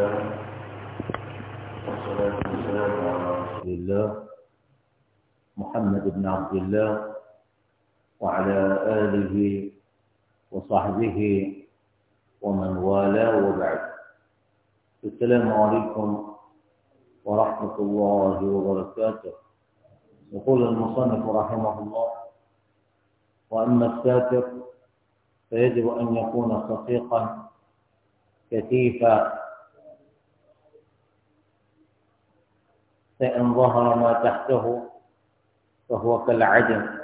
والصلاة والسلام على رسول الله محمد بن عبد الله وعلى آله وصحبه ومن والاه وبعد السلام عليكم ورحمة الله وبركاته يقول المصنف رحمه الله وأما الساتر فيجب أن يكون صفيقا كثيفا فإن ظهر ما تحته فهو كالعدم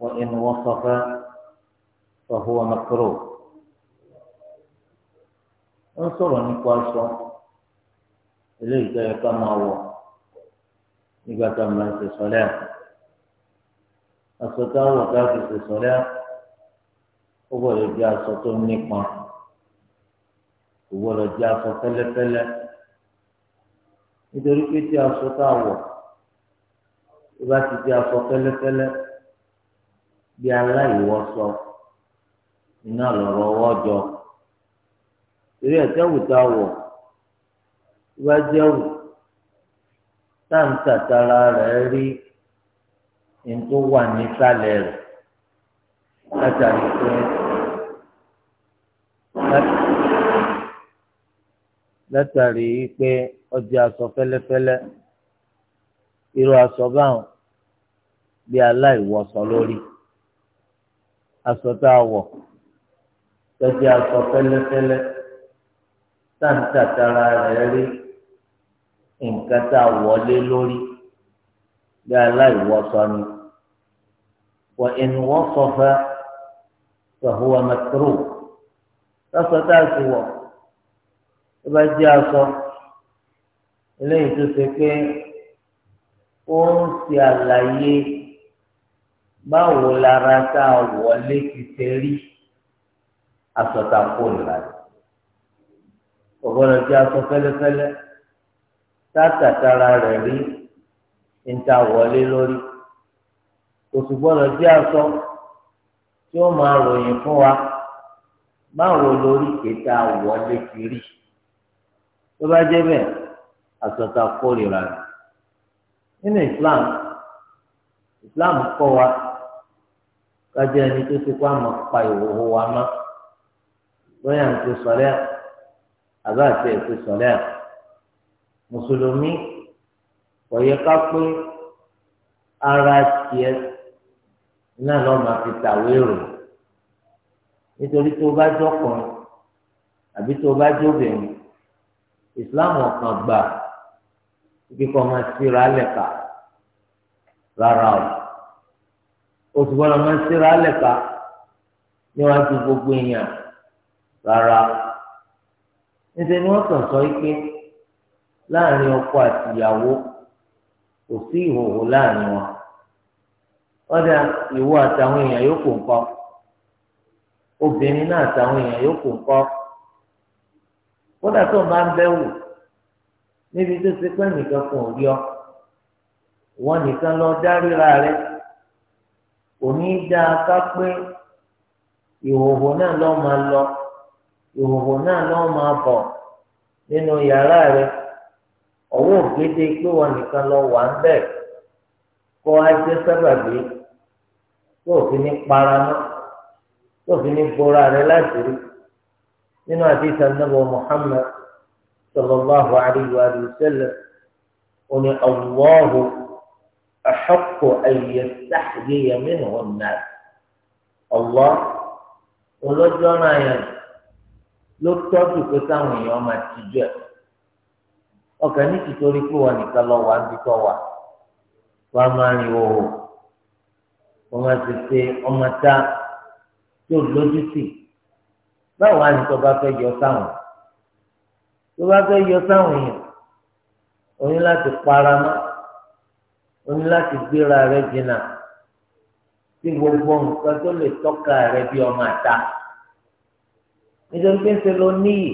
وإن وصف فهو مكروه انصروا نقاشوا إليك كما هو nígbà tá a máa ń ṣe sọlẹ́ à. aṣọ tá a wọ̀ tá a fi ṣe sọlẹ́ à ó gbọ́dọ̀ jẹ́ aṣọ tó nípọn kò gbọ́dọ̀ jẹ́ aṣọ fẹ́lẹ́fẹ́lẹ́ nítorí pé tí aṣọ tá a wọ̀ tó bá ti di aṣọ fẹ́lẹ́fẹ́lẹ́ bí aláìwọṣọ iná lọ̀rọ̀ ọwọ́ jọ torí ẹ̀tẹ́wù tá a wọ̀ tó bá jẹ́wù táǹtà tara rẹ̀ rí ní tó wà nísàlẹ̀ rẹ̀ látàrí pé látàrí pé ọjà aṣọ fẹ́lẹ́fẹ́lẹ́ irú aṣọ báwọn bí aláìwọṣọ lórí aṣọ tá a wọ̀ tọ́jú aṣọ fẹ́lẹ́fẹ́lẹ́ táǹtà tara rẹ̀ rí nǹkan tá a wọlé lórí bí aláìwọṣọ ni wọ́n ẹni wọ́n sọ fẹ́ fẹ́ huwa mẹ́tírò tọ́sọ tá a sì wọ̀ tó bá jẹ́ aṣọ eléyìí tó ṣe pé ó ń ṣe àlàyé báwo lára tá a wọlé ti ṣe rí aṣọ tá a kó nìlá rẹ̀ ọ̀gbọ́dọ̀ jẹ́ aṣọ fẹ́lẹ́fẹ́lẹ́ tátàtàrà rẹ̀ rí níta wọlé lórí oṣù gbọ́dọ̀ jẹ́ aṣọ tí ó máa ròyìn fún wa báwo lórí kẹta wọlé ti rí. tó bá jẹ́ bẹ́ẹ̀ àsọta kórìíra rẹ̀ nínú islam islam kọ́ wa kájọ ẹni tó ti kó àmọ́ pa ìhòòhò wa mọ́ lọ́yà ń ti sọ̀rẹ́ àbá àti ẹ̀ ti sọ̀rẹ́ mùsùlùmí kò ká pé ara tiẹ̀ náà lọ́ọ́ máa fi tàwé rò nítorí tó bá jọ́ jọkùnrin àbí tó bá jóbìnrin. ìsìláàmù ọkàn gbà kíkọ́ máa síra lẹ́ka rárá o oṣù gbọ́dọ̀ máa síra lẹ́ka níwájú gbogbo èèyàn rárá níṣẹ́ ni wọ́n kàn sọ láàrin ọkọ àti ìyàwó kò sí ìhòòhò láàrin wọn ọ̀dà ìwọ àtàwọn èèyàn yòókù ńkọ́ obìnrin náà àtàwọn èèyàn kódà tó ń bá ń bẹ́ wò níbi tó ṣe pé nìkan kan ò rí ọ wọn nìkan lọ dá ríra rẹ kò ní í dáa ká pé ìhòòhò náà lọ́ máa lọ ìhòòhò náà lọ́ máa bọ̀ nínú yàrá rẹ ọwọ́ ògede pé wọn nìkan lọ wà ń bẹ̀ kó a jẹ́ sábàbí tó fi ní para mọ́ tó fi ní bora rẹ láti rí nínú àdéhùn anábọ̀ Muhammad sallallahu alayhi wa sallam oní ọlọ́hu àṣọkò ayé sáàyè yẹmínú ọ̀nà ọlọ́ olójó náà yẹn ló tọ́jú pé káwọn èèyàn máa tijú ẹ̀ ọkàn ní tìtorí pé wọn nìkan lọ wà níbi tó wà wàá máa rìn òhò wọn máa ti ṣe ọmọ tá tó lójú sí i báwo wá ní tó bá fẹ́ yọ sáwọn tó bá fẹ́ yọ sáwọn èèyàn o ní láti parama o ní láti gbéra rẹ jìnnà tí gbogbo nǹkan tó lè tọ́ka rẹ bí ọmọ àta nítorí pé ń ṣe ló níyì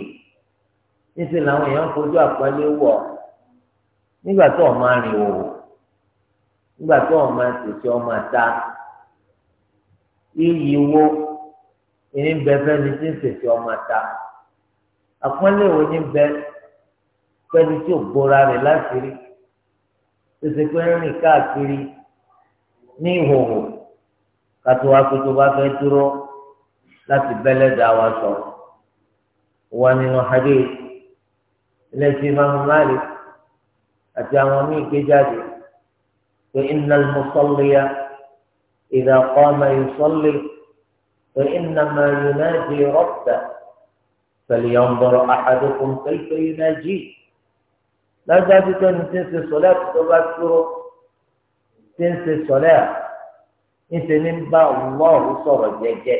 ń làwọn èèyàn fojú àpọ́nlé wọ̀ nígbà tó ọmọ arìn òwò nígbà tó ọmọ àtẹ̀sí ọmọ àta iyì wo. ìní bẹ́ẹ̀ ni tí ń sèse ọmọ ta àpọ́nlé wo ní bẹ́ẹ̀ pẹ́ni tí ò bóra rẹ̀ láti rí tètè pé ń rìn káàkiri ní ìhòòhò kátó bá dúró láti dá wa sọ wà nínú àti فإنما يناجي ربه فلينظر أحدكم كيف يناجيه لا ذلك أن تنسي صلاة تبكر تنسي صلاة أنت من الله صار جاجا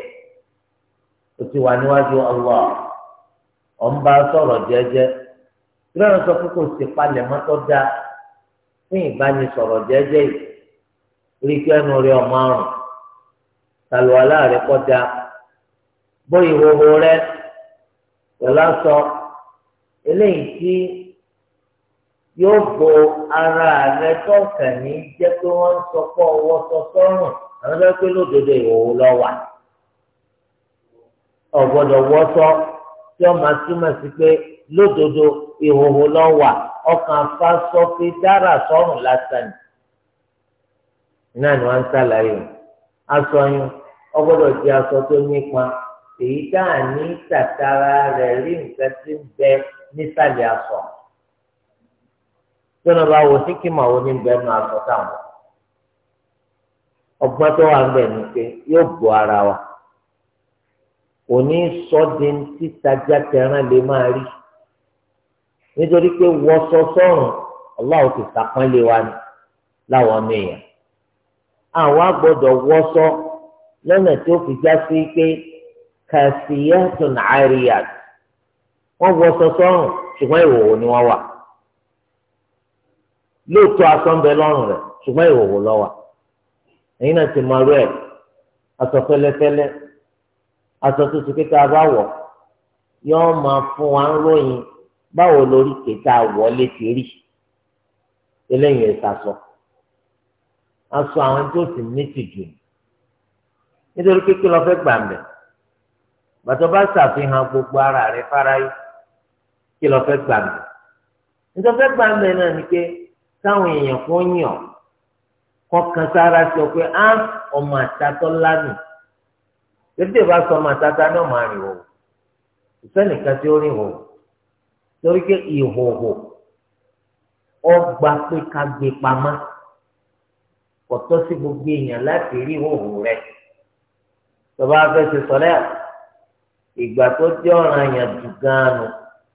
وتواني واجه الله ọ̀n bá sọ̀rọ̀ jẹ́jẹ́ ìrọ̀rùn sọ pé kò sí palẹ̀mọ́ tó dáa fún ìbánisọ̀rọ̀ jẹ́jẹ́ àlùwàlá rẹ kọjá bó ìhòhò rẹ pẹ̀lú aṣọ eléyìí tí yóò bo ara rẹ tó kàn ní jẹ́ pé wọ́n ń sọ pé ọwọ́ sọ sọ́rùn àwọn bẹ́ẹ̀ pé lódodo ìhòhò lọ wà ọ̀gbọ́dọ̀ wọ́sọ tí wọ́n máa túmọ̀ sí pé lódodo ìhòhò lọ wà ọkàn afásọ pé dára sọ́rùn lásán náà ni wọ́n ń sàlàyé aṣọ ọgbọ́dọ̀ di aṣọ tó nípa èyí tá à ní tàtàrà rẹ̀ rí nǹkan tí ń bẹ nísàlẹ̀ aṣọ bá wo síkìmọ̀ wo ní bẹ́ẹ̀ máa sọ táwọn ọgbọ́n tó wà ń bẹ̀ yóò ara wa òní sọ́dí títajà tẹran lè máa rí nítorí pé ti wa àwa lọ́nà tí ó fi já sí pé kàṣíyàtùn àríyàt wọ́n wọ sọ́sọ́rùn ṣùgbọ́n ìwòwò ni wọ́n wà lóòótọ́ aṣọ ń bẹ lọ́rùn rẹ̀ ṣùgbọ́n ìwòwò lọ́wà èyí náà ti máa rú ẹ̀ aṣọ fẹ́lẹ́fẹ́lẹ́ aṣọ bá wọ̀ yọ́n fún wa ń ròyìn báwo lórí wọlé ti rí eléyìí ẹ̀ sàṣọ aṣọ àwọn tó nítorí pé kí lọ fẹ́ gbà mbẹ̀ bàtọ́ bá ṣàfihàn gbogbo ara rẹ fáráyé kí lọ fẹ́ gbà mbẹ̀ nítorí fẹ́ gbà mbẹ̀ náà ni pé káwọn èèyàn kò yàn kọkàn sára sọ pé á ọmọ àtàtọ́ lánàá tẹ́tẹ́ bá sọ ọmọ àtàtà náà máa rìn wò ìfẹ́nìkan tí ó rìn wò torí pé ìhòhò ọgbà pé ká gbé pamọ́ kò sí gbogbo èèyàn láti rí ìhòhò rẹ̀ tọba afẹsẹ sọlẹ ìgbà tó jẹ ọ̀ràn yẹn jù ganan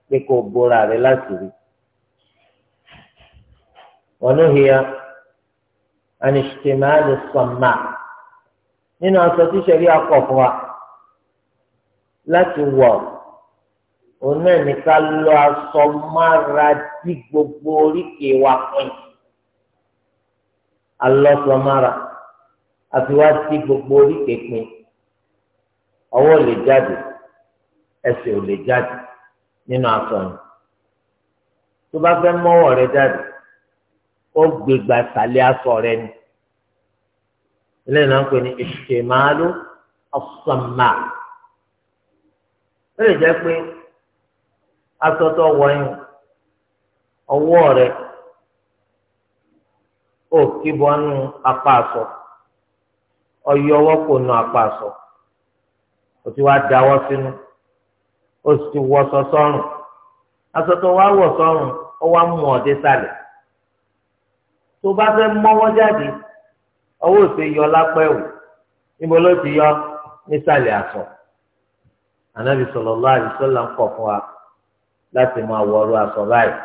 pé kò bora rẹ láti rí ọlọ́hìá anìṣẹ́máàlì sọ̀mà nínú aṣọ tí sẹ́rí akọ̀ fún wa láti wọ̀ òun náà ní ká lọ aṣọ mára dí gbogbo oríkèé wa pín alọ́sọ mára àfi wá dí gbogbo oríkèé pín. ọwọ́ ò lè jáde ẹsẹ̀ ò lè jáde nínú aṣọ yẹn tó bá fẹ́ mọ́wọ́ rẹ jáde ó gbégbá sàlẹ̀ aṣọ rẹ ni eléyìí náà ń pè ní ìṣèmàlú ọ̀sánmà ó lè jẹ́ pé aṣọ tó wọ yẹn ọwọ́ rẹ ó kíbọnú apá aṣọ kò nu apá o ti wá dáwọ́ sínú o sì ti wọṣọ sọ́rùn aṣọ tó wá wọ̀ sọ́rùn ó wá mú ọdẹ sálẹ̀ tó bá fẹ́ mọ́wọ́ jáde ọwọ́ òsè yọ lápẹ́ wò níbo ló ti yọ nísàlẹ̀ aṣọ ànábì sallallahu alaihi wasallam ń kọ̀ fún wa láti máa wọrú aṣọ báyìí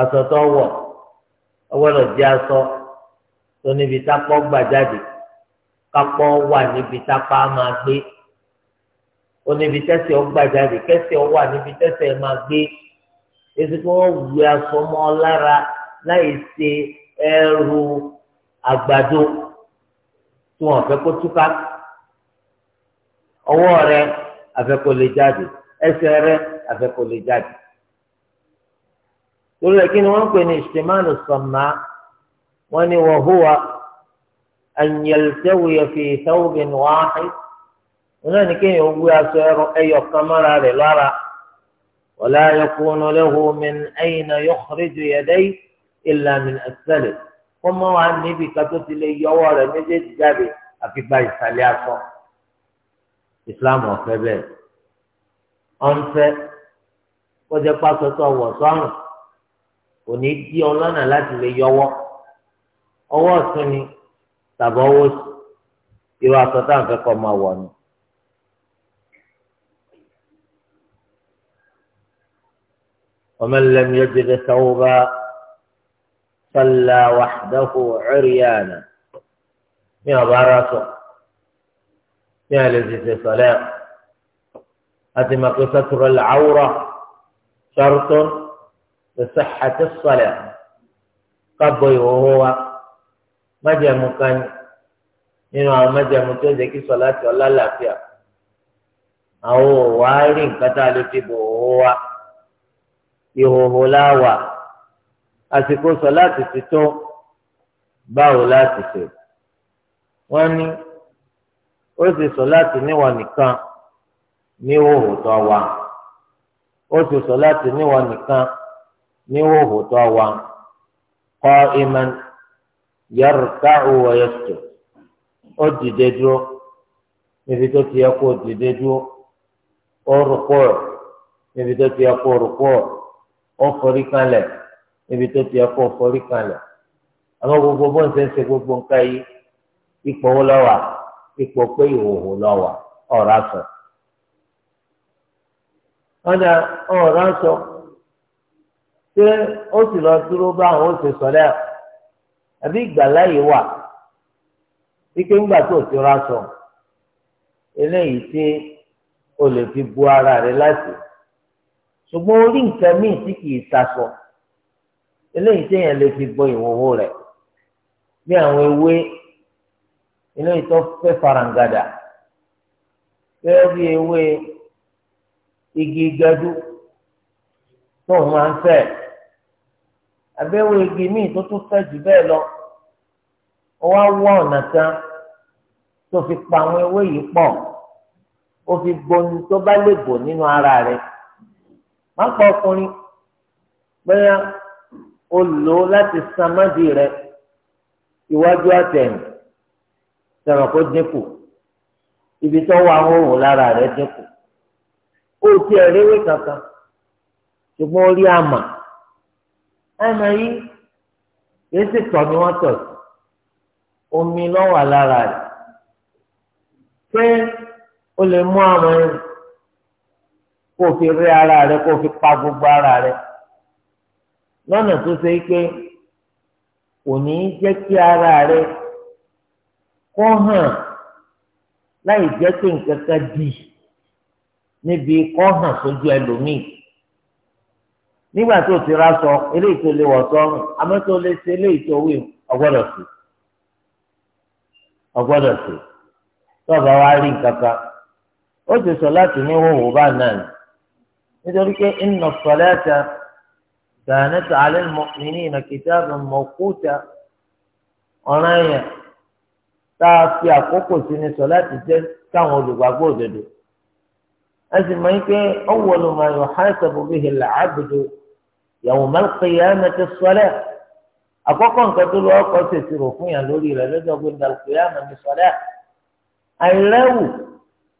aṣọ tó wọ̀ ọwọ́ lọ jẹ́ aṣọ tó níbi tápọ̀ gbà jáde kápọ̀ wà níbi tápá máa gbé oníbi tẹsẹ̀ ọgbà jáde kẹsẹ̀ ọwà níbi tẹsẹ̀ ẹ máa gbé èsì tí wọ́n wù aṣọ mọ́ lára láì ṣe ẹrù àgbàdo tí wọ́n fẹ́ kó túká ọwọ́ rẹ àfẹ́kọ lè jáde ẹsẹ̀ rẹ àfẹ́kọ lè jáde torí ẹ kí ni wọ́n ń pè ní ìṣèmánu sọmọ wọ́n ní wọ́n hùwà an yaltawiya fi wọn náà ní kéèyàn wé aṣọ ẹyọ kan mọ́ra rẹ̀ lára wala yakunu lahu min ayna yukhriju yadayhi illa min as-salib kó mọ́ wa níbi ká tó ti lè yọwọ́ rẹ̀ méjèèjì jáde àfi gba ìsàlẹ̀ aṣọ ìsìláàmù ọ̀fẹ́ bẹ́ẹ̀ ọ̀nfẹ́ kọjá pásọ wọ̀ sọ́run kò ní dí ọ lọ́nà láti lè yọwọ́ ọwọ́ ọ̀tún ni tàbí ọwọ́ sí ومن لم يجد ثوبا صلى وحده عريانا يا باراسو يا الذي في صلاة أتم ستر العورة شرط لصحة الصلاة قبل وهو ما جاء مكان إنه ما جاء مكان ذكي صلاة ولا لا فيها أو وارين كتالي تبوه هو ìhòòhò láwà àsìkò sọ láti ti tó báwo láti ṣe wọ́n ní ó sì sọ láti níwọ nìkan ní ìhòòhò tó wà ó sì sọ láti níwọ nìkan ní ìhòòhò tó wà kọ iman yàrá òwò yẹtù ó dìde dúró níbi tó ti yẹ kó dìde dúró ó rúkọ níbi tó ti yẹ kó rúkọ. ó forí kalẹ̀ níbi tó ti ẹ̀kọ́ forí kalẹ̀ àmọ́ gbogbo bó ń ṣe ń ṣe gbogbo nǹkan yìí ipò owó lọ́wà ipò pé ìhòòhò lọ́wà ọ̀rá sọ. ọ̀dà ọ̀rá sọ ṣé ó sì lọ dúró bá àwọn ó sọ sọ̀rẹ́ àbí ìgbàláyè wà wípé ńgbà tó ti o lè fi bu ara rẹ ṣùgbọ́n orí nǹkan míì tí kìí sasọ eléyìí téèyàn lè fi bọ ìhòhò rẹ̀ bí àwọn ewé eléyìí tó fẹ́ farangada gẹ́gẹ́ bí ewé igi gadu tó ń máa ń fẹ́ abẹ́wò igi míì tó tún fẹ́ jù bẹ́ẹ̀ lọ wọ́n á wọ́ ọ̀nà kan tó fi pa àwọn ewé yìí pọ̀ ó fi gbóni tó bá lè bò nínú ara rẹ̀ má pa ọkùnrin bẹ́ẹ̀ o lò láti samadì rẹ iwájú àtẹ̀yìn sọ̀rọ̀ kó dínkù ibi tó wà hóhùn lára rẹ dínkù ó ti ẹ̀rẹ́wé kankan ṣùgbọ́n orí àmà àmà yìí yìí sì tọ̀ ni wọ́n tọ̀ sí omi lọ́wọ́ lára rẹ̀ ṣé o lè mú àmà yìí kó o fi rí ara rẹ kó o fi pa gbogbo ara rẹ lọ́nà tó ṣe pé kò ní í jẹ́ kí ara rẹ kó hàn láì jẹ́ pé nǹkan kan dì níbi kó hàn sójú ẹlòmíì nígbà tó ti ra sọ eléyìí tó lè wọ̀ sọ́run àmọ́ tó lè ṣe eléyìí tó wí ọgbọ́dọ̀ sí ọgbọ́dọ̀ sí tọ́ba wa rí nǹkan kan ó ti sọ láti ní wọ́n wò bá náà ni nítorí pé inna salata kanat ala al-mu'minina kitaban mawquta ọ̀ràn yẹn tá a fi àkókò sí ní sọláàtì jẹ́ káwọn olùgbàgbọ́ òdodo a sì máa ń pé awwalu ma yuhasabu bihi al-'abdu yawma al-qiyamati as-salah àkọ́kọ́ nǹkan tó lọ ọkọ̀ ṣèṣirò fún yàn lórí rẹ̀ lọ́jọ́ gbẹ̀ndà al-qiyamah ní sọlá àìrẹ́wù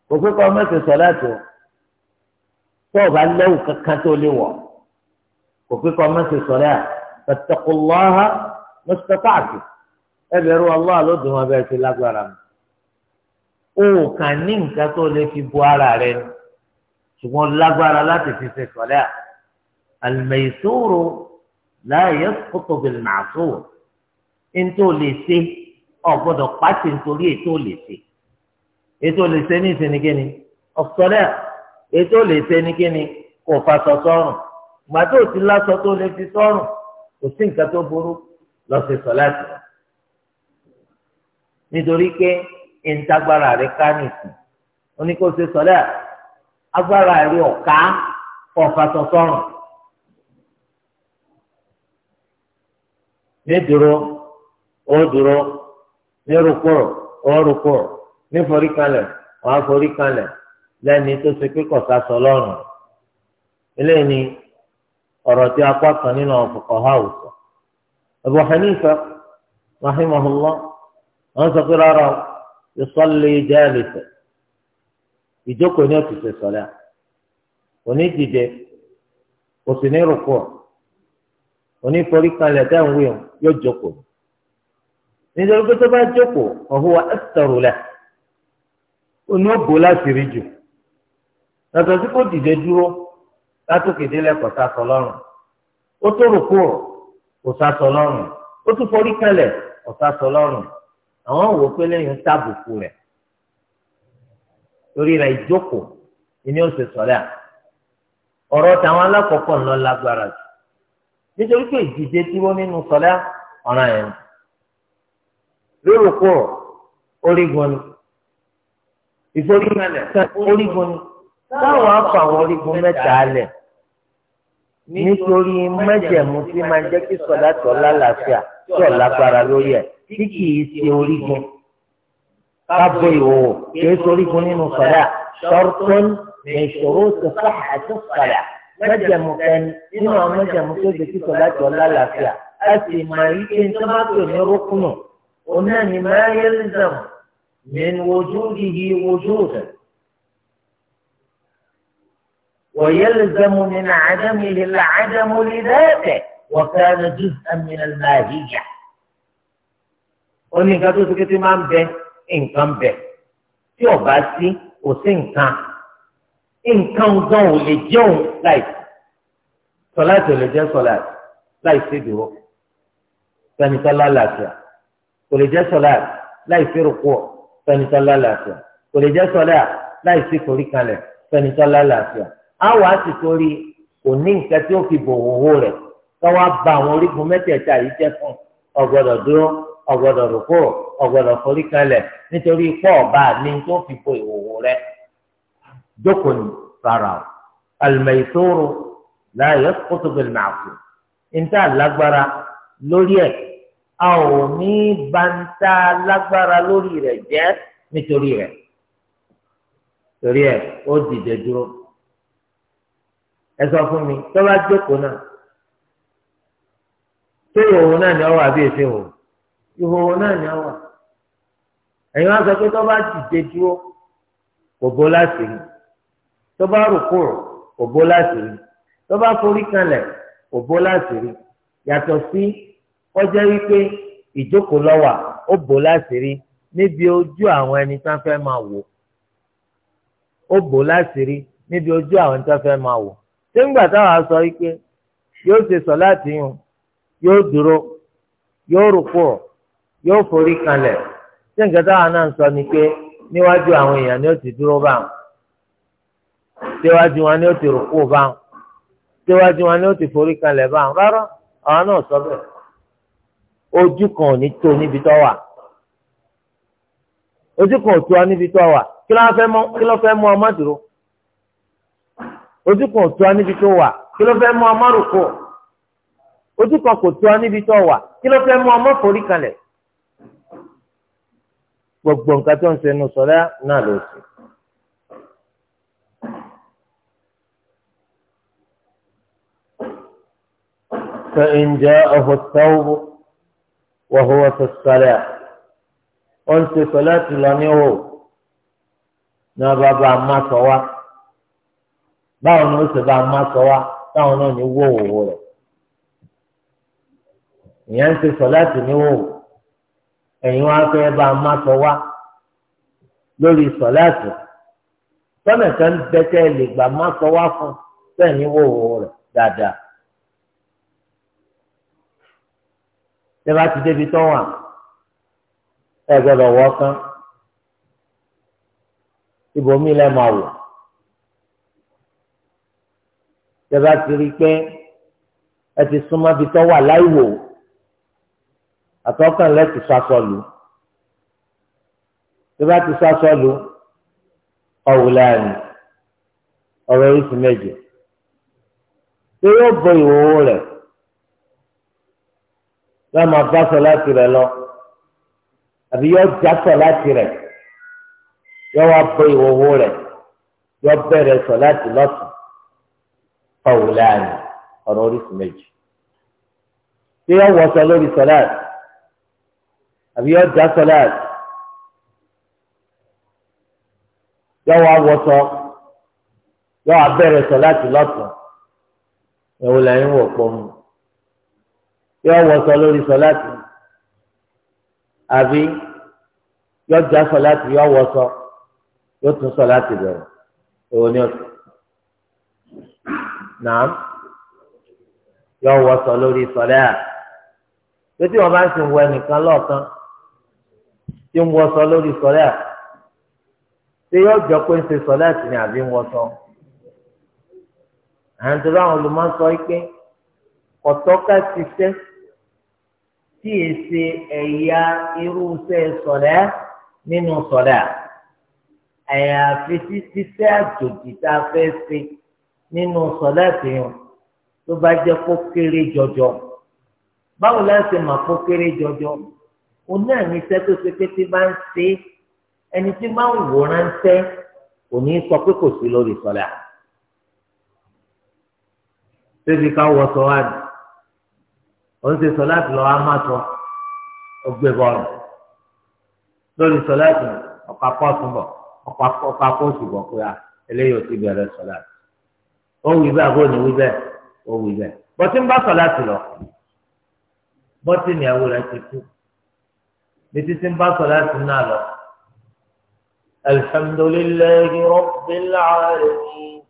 kò tó o bá lẹ́wù kankan tó lè wọ̀ kò pé kọ́ mẹ́sẹ̀ sọ̀rọ̀ à fattaqullaha mastata'tu ẹ bẹ̀rù Allah ló dùn wọn bẹ́ẹ̀ ṣe lágbára mi o kàn ní nǹkan tó lè fi bu ara rẹ ni ṣùgbọ́n lágbára láti fi ṣe sọ̀rọ̀ à al-maysuru la yasqutu bil-ma'sur ntó lè ṣe ọ̀gbọ́dọ̀ pàṣẹ nítorí ètò lè ṣe ètò lè ṣe ní ìsinikẹ́ni ètò lè ṣe ní kíni kò ọrụ sọ́rùn gbàtó ò ti láṣọ tó lè fi sọ́rùn kò sí nǹkan tó burú lọ sí sọ láti rẹ nítorí pé ìntagbára rẹ ká nìsín oníkóso sọlẹ agbára rẹ ọ̀ká kò faṣọ sọ́rùn ní dúró ó dúró ní rúkúrò ó rúkúrò ní foríkalẹ̀ ó lẹ́ni tó ṣe pé kọ̀ọ̀sá sọ lọ́rùn eléyìí ni ọ̀rọ̀ tí apá kan nínú ọ̀fọ̀kọ̀há ò sọ. Abu Hanifa rahimahullah wọn sọ pé rárá o yusalli jalisan ìjókòó ni ó ti ṣe sọ̀rọ̀ à òní dìde kò sì ní rúkọ̀ òní forí kanlẹ̀ tẹ́ ń wí o yóò jókòó nítorí pé tó bá jókòó ọ̀hún wa ẹ̀sítọ̀rù lẹ̀ òní ó bò láti rí jù yàtọ̀ sí kó dìde dúró látòkè délẹ̀ kò sá sọ lọ́rùn ó tó rò kó kò sá sọ lọ́rùn ó tún forí kẹlẹ̀ kò sá sọ lọ́rùn àwọn wò pé lẹ́yìn tábùkù rẹ̀ torí rẹ̀ ìjókòó ni ó ṣe sọ̀rọ̀ à ọ̀rọ̀ táwọn alákọ̀ọ́kọ́ ńlọ lágbára jù nítorí pé ìdíje dúró nínú sọ̀rọ̀ ọ̀ràn yẹn lérò kó orígun ni ìforí kẹlẹ̀ orígun ni táwọn afọ àwọn orígun mẹ́ta lẹ̀ nítorí mẹ́jẹ̀mú tí máa jẹ́ kí sọ̀dá tọ̀ lálàáfíà tọ̀ lágbára lórí ẹ̀ tí kì í ṣe orígun kábọ̀ ìhòòhò kìí sorígun nínú sọ̀dá ṣọ́rùtún ìṣòro ti fàá tó sọ̀dá mẹ́jẹ̀mú kẹ́ni nínú àwọn mẹ́jẹ̀mú tó jẹ́ kí sọ̀dá tọ̀ lálàáfíà a sì máa yí pé tó bá tò ní rúkúnù òun náà máa yẹ lẹ́sàn-án min wojúdihi wojúdẹ̀. ويلزم من عدمه العدم لذاته وكان جزءا من الماهية oní nǹkan tó ṣe kété máa ń bẹ nǹkan bẹ tí ò bá sí kò sí nǹkan nǹkan gan ò lè jẹun láìsí sọláàtì ò lè jẹ sọláàtì láìsí dúró sanitọ́lá làásìá kò lè jẹ sọláàtì láìsí rúkúọ̀ sanitọ́lá làásìá kò lè jẹ sọláàtì láìsí foríkalẹ̀ sanitọ́lá làásìá á wà á sì torí kò ní nǹkan tí ó fi bò wòwò rẹ̀ káwá ba àwọn orígun mẹ́tẹ̀ẹ̀ta yìí jẹ́ fún ọ̀gbọ́dọ̀ dúró ọ̀gbọ́dọ̀ rúkú ọ̀gbọ́dọ̀ forí kalẹ̀ nítorí pọ̀ ọba ní tó fi bo ìhòòhò rẹ̀ jókòó ní rárá o al-maysūru lā yasqutu bil-ma'sūr níta lágbára lórí ẹ̀ a ò ní bàǹtà lágbára lórí rẹ̀ jẹ́ nítorí rẹ̀ torí ẹ̀ ó dìde dúró ẹ sọ fún mi tó bá jókòó náà ṣé ìhòòhò náà ni ọ wà bí èsì ìhòòhò ìhòòhò náà ni ọ wà ẹ̀yin wá sọ pé tó bá dìde dúró kò bó láti rí tó bá rùkúrù kò bó láti rí tó bá forí kanlẹ̀ kò bó láti rí yàtọ̀ sí ọjọ́ wípé ìjókòó lọ́wà ó bó láti rí níbi ojú àwọn ẹni tó fẹ́ máa wò ó bó láti rí níbi ojú àwọn ẹni tó fẹ́ máa wò nígbà táwa sọ wípé yóò ṣe sọ láti yùn yóò dúró yóò rúpọ yóò forí kanlẹ̀ ṣé táwa náà sọ ni pé níwájú àwọn èèyàn ni ó ti dúró báwọn síwájú wọn ni ó ti rúkọ báwọn síwájú wọn ni ó ti forí kanlẹ̀ rárá àwọn náà sọ ojú kan ò ní tó níbi tó wà ojú ojú kan ò tó ọ níbi tó wà kí ló fẹ́ mú ọmọ rò kó ojú kan kò tó ọ níbi tó wà kí ló fẹ́ mú ọmọ forí kalẹ̀ gbogbo nǹkan tó ń ṣe nu sọlá náà ló sì. فإن جاءه الثوب وهو في الصلاة أنت صلاة لنيه نبابا ما صواب báwo ni ó sì bá má sọ wá táwọn náà ní wó òwò rẹ̀ ìyẹn ń ti sọ láti ní wò ẹ̀yin wá fẹ́ bá má sọ wá lórí sọ láti tọ́nà kan bẹ́tẹ́ lè gbà má sọ wá fún bẹ́ẹ̀ ní wó òwò rẹ̀ dáadáa. tẹ́lá ti débi tán wà ẹ gbọ́dọ̀ wọ́ kán ibòmí lẹ́ máa wọ̀. tẹ́bá ti rí i pé ẹ ti súnmọ́ bí tọ́ wà láìwò àtọ́kànlẹ́ ti sasọ̀lù tẹ́bá ti sasọ̀lù ọ̀wùlà ẹ̀rìn ọ̀rọ̀ oríṣi méje tí yóò bọ ìwòwò rẹ̀ yóò máa bá láti rẹ̀ lọ àbí yóò já láti rẹ̀ yóò wá bọ ìwòwò rẹ̀ yóò bẹ̀rẹ̀ sọ láti lọ́sùn qawlan ọ̀rọ̀ oríṣi méjì ṣé yọ wọ sọ lórí sọláàt àbí yọ já sọláàt yọ wọ awọsọ yọ abẹ́rẹ́ sọláàt lọ́tún ẹ̀wò lẹ́yìn wọ̀ pọ̀ mu yọ wọ sọ lórí sọláàt àbí yọ já sọláàt yọ wọ yóò tún sọláàt bẹ̀rẹ̀ ẹ̀wò ni ọ̀sán nàám yọ wọsọ lórí sọlẹ à pété wọn bá ń sìn wọ ẹnìkan lọọkan tí ń wọsọ lórí sọlẹ à ṣé yóò jọ pé ń ṣe sọlẹ àti ní àbí ń wọsọ àǹtọ̀rọ̀ àwọn olùmọ̀sọ pé ọ̀tọ́ka ti fẹ́ tí è ṣe ẹ̀yà irúṣẹ́ sọlẹ nínú sọlẹ à àyàfi títí fẹ́ àjòjì tá a fẹ́ ṣe nínú sọ̀láàtì yẹn tó bá jẹ́ kó kéré jọjọ báwo la ṣe mà kó kéré jọjọ o náà ní iṣẹ́ tó ṣe pé tí bá ń ṣe ẹni tí bá ń wò ránṣẹ́ kò ní sọ pé kò sí lórí sọ̀lá ṣébi ká wọ sọ wá ní o ń ṣe sọ̀láàtì lọ́wọ́ á má sọ ọgbẹ́ bọ́ọ̀lù lórí sọ̀láàtì ọ̀pá pọ́ọ̀tù bọ̀ ọ̀pá pọ́ọ̀tù bọ̀ pé eléyìí ò ti bẹ̀rẹ̀ sọ̀láàtì ó wí bẹ́ẹ̀ bó ni wí bẹ́ẹ̀ ó wí bẹ́ẹ̀ bọ́tí ń bá sọ láti lọ bọ́tí ìyàwó rẹ̀ ti kú létí tí ń bá sọ láti náà lọ. alhamdulillahi rabbil alamin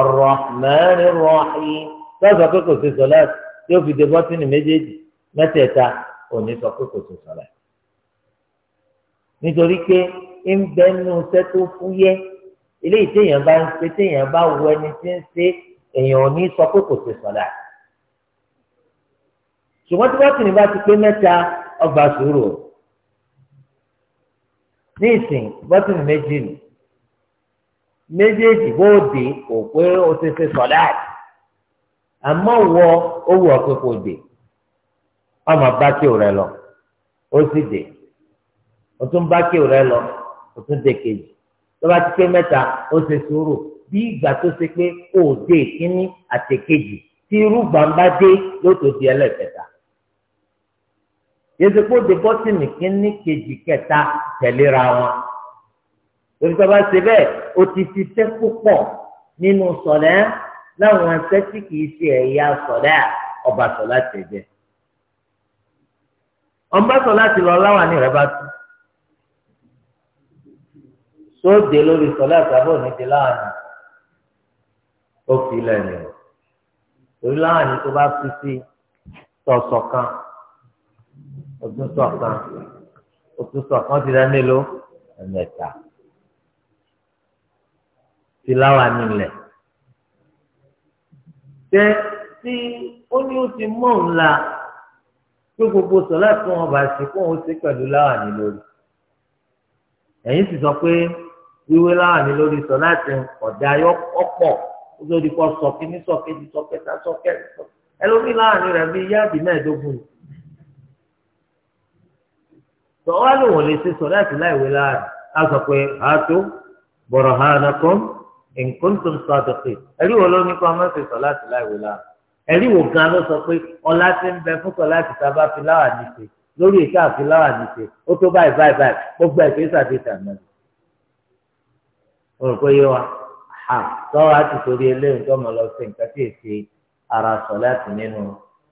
arrahmanir rahim lọ́sọ̀ pé kò sí sọ láti yóò fi de bọ́tí ni méjèèjì mẹ́tẹ̀ẹ̀ta òní sọ pé kò sí sọ láti. nítorí pé ń bẹ́ẹ̀ nù sẹ́tò fúyẹ́ eléyìí téèyàn bá ń ṣe téèyàn bá wọ ẹni tí ń ṣe èèyàn ò ní sọ pé kò ṣe sọ̀dà ṣùgbọ́n tí wọ́n sì ní bá ti pé mẹ́ta ọgbà sùúrù ní ìsìn bọ́tìnì méjì nù méjèèjì bó dé kò pé o ti ṣe sọ̀dà àmọ́ wọ owó ọ̀pẹ kò dé ọmọ bá rẹ lọ ó sì dé o tún bá rẹ lọ o tún dé kejì lọ́ba ti pé mẹ́ta ó ṣe sùúrù bí ìgbà tó ṣe pé ó dé ìkíní àtẹ̀kejì tí irú gbàǹbá dé yóò tó di ẹlẹ́kẹta yẹsẹ kó de bọ́tìnì kíní kejì kẹta tẹ̀léra wọn torí tó bá ṣe bẹ́ẹ̀ o ti fi tẹ́ púpọ̀ nínú sọ̀lẹ́ láwọn ẹsẹ̀ tí kìí ṣe ẹ̀yà sọ̀lẹ́ ọba sọ̀lá tẹ̀jẹ̀ ọba sọ̀lá ti lọ láwọn ní bá tún tó dé lórí sọlá àtàbọ̀ ní ti láàánú ó fi lẹ́nu orí láàánú tó bá fi sí tọ̀sọ̀ kan ọdún sọ̀kan ọdún sọ̀kan ti rẹ́ mélòó ẹ̀mẹ́ta tìláwà nílẹ̀ tẹ tí ó ní ó ti mọ̀ ńlá pé gbogbo sọ̀lá tí wọ́n bá ṣe kó wọ́n ṣe pẹ̀lú láwà nílòó ẹ̀yìn sì sọ pé wíwé láwàní lórí sọ láti ọ̀dà ọ̀pọ̀ lórí kọ́ sọ̀kíní sọ̀kejì sọ̀kẹta sọ̀kẹrin ẹlòmíì láwàní rẹ̀ bí yáàdì mẹ́ẹ̀ẹ́dógún ni. sọ̀wá ló wọ̀n lè ṣe sọ láti láìwé láwàní a sọ pé àtó bọ̀rọ̀ ha nàkọ́ nǹkan tó ń sọ àdọ̀pẹ̀ ẹ̀rí wo ló ní kó a máa ṣe sọ láti láìwé láwàní ẹ̀rí wo gan ló sọ pé ọlá ti ń bẹ fún sọ láti sábà fi láwàní ṣe lórí ìṣàfihàn láwàní ṣe ó tó báyìí báyìí báyìí ó gbà ìgbésà mo rò pé yé wa ha tọ́wọ́ á ti torí eléyìí tó mọ̀ lọ sí nǹkan tí èsì ara sọ̀láàtì nínú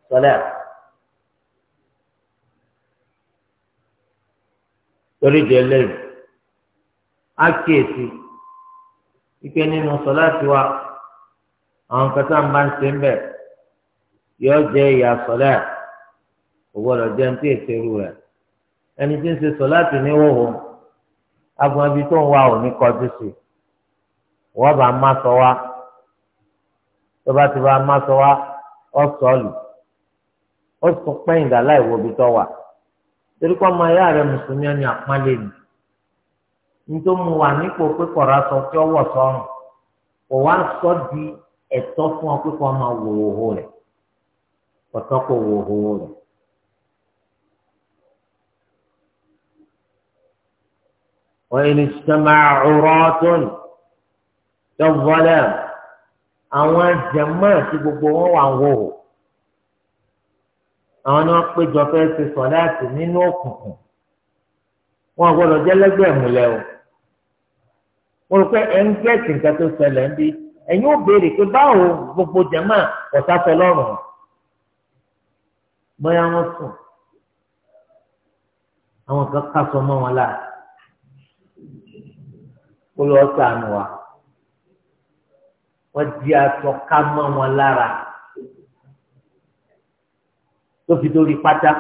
sọ̀láàtì. torí di eléyìí á kíyèsí ike nínú sọ̀láàtì wa àwọn nǹkan tá à ń bá ń ṣe ń bẹ̀ yóò jẹ́ ìyá sọ̀láàtì ògbọ́dọ̀ jẹ́ ní tí èsì rú rẹ̀ ẹni tí ń ṣe sọ̀láàtì ní agbọ̀n ibi tó ń wá òní kọjú sí i. wọ́n bá má sọ wá tó bá ti bá má sọ wá ọ sọ̀lù ó sọ pẹ́yìndà láì wo ibi tó wà torí kọ́ ọmọ ẹ̀yà rẹ̀ mùsùlùmí ẹni àpọ́nlé ni nítorí mo wà nípò pé kọ̀ọ̀rọ̀ wọ̀ sọ di ẹ̀tọ́ fún ọ pé kọ́ ọmọ wò ọ̀tọ́ kò yọ̀vọ́lẹ̀ àwọn jẹ̀mọ́ àti gbogbo wọn wà wò ó àwọn ni wọ́n péjọ fẹ́ ṣe sọ̀láàtì nínú òkùnkùn wọn gbọ́dọ̀ jẹ́ lẹ́gbẹ̀ẹ́ múlẹ̀ o mo rò pé ẹ̀ ń gẹ̀ẹ́sì nǹkan tó ṣẹlẹ̀ ń bí ẹ̀yin ò béèrè pé báwo gbogbo jẹ̀mọ́ ọ̀tá fẹ́ lọ́rùn bóyá wọ́n sùn àwọn kan kà sọ mọ́ wọn láà kó lọ́ọ́ sànù wa wọ́n di aṣọ ká mọ́ wọn lára tó fi dórí pátá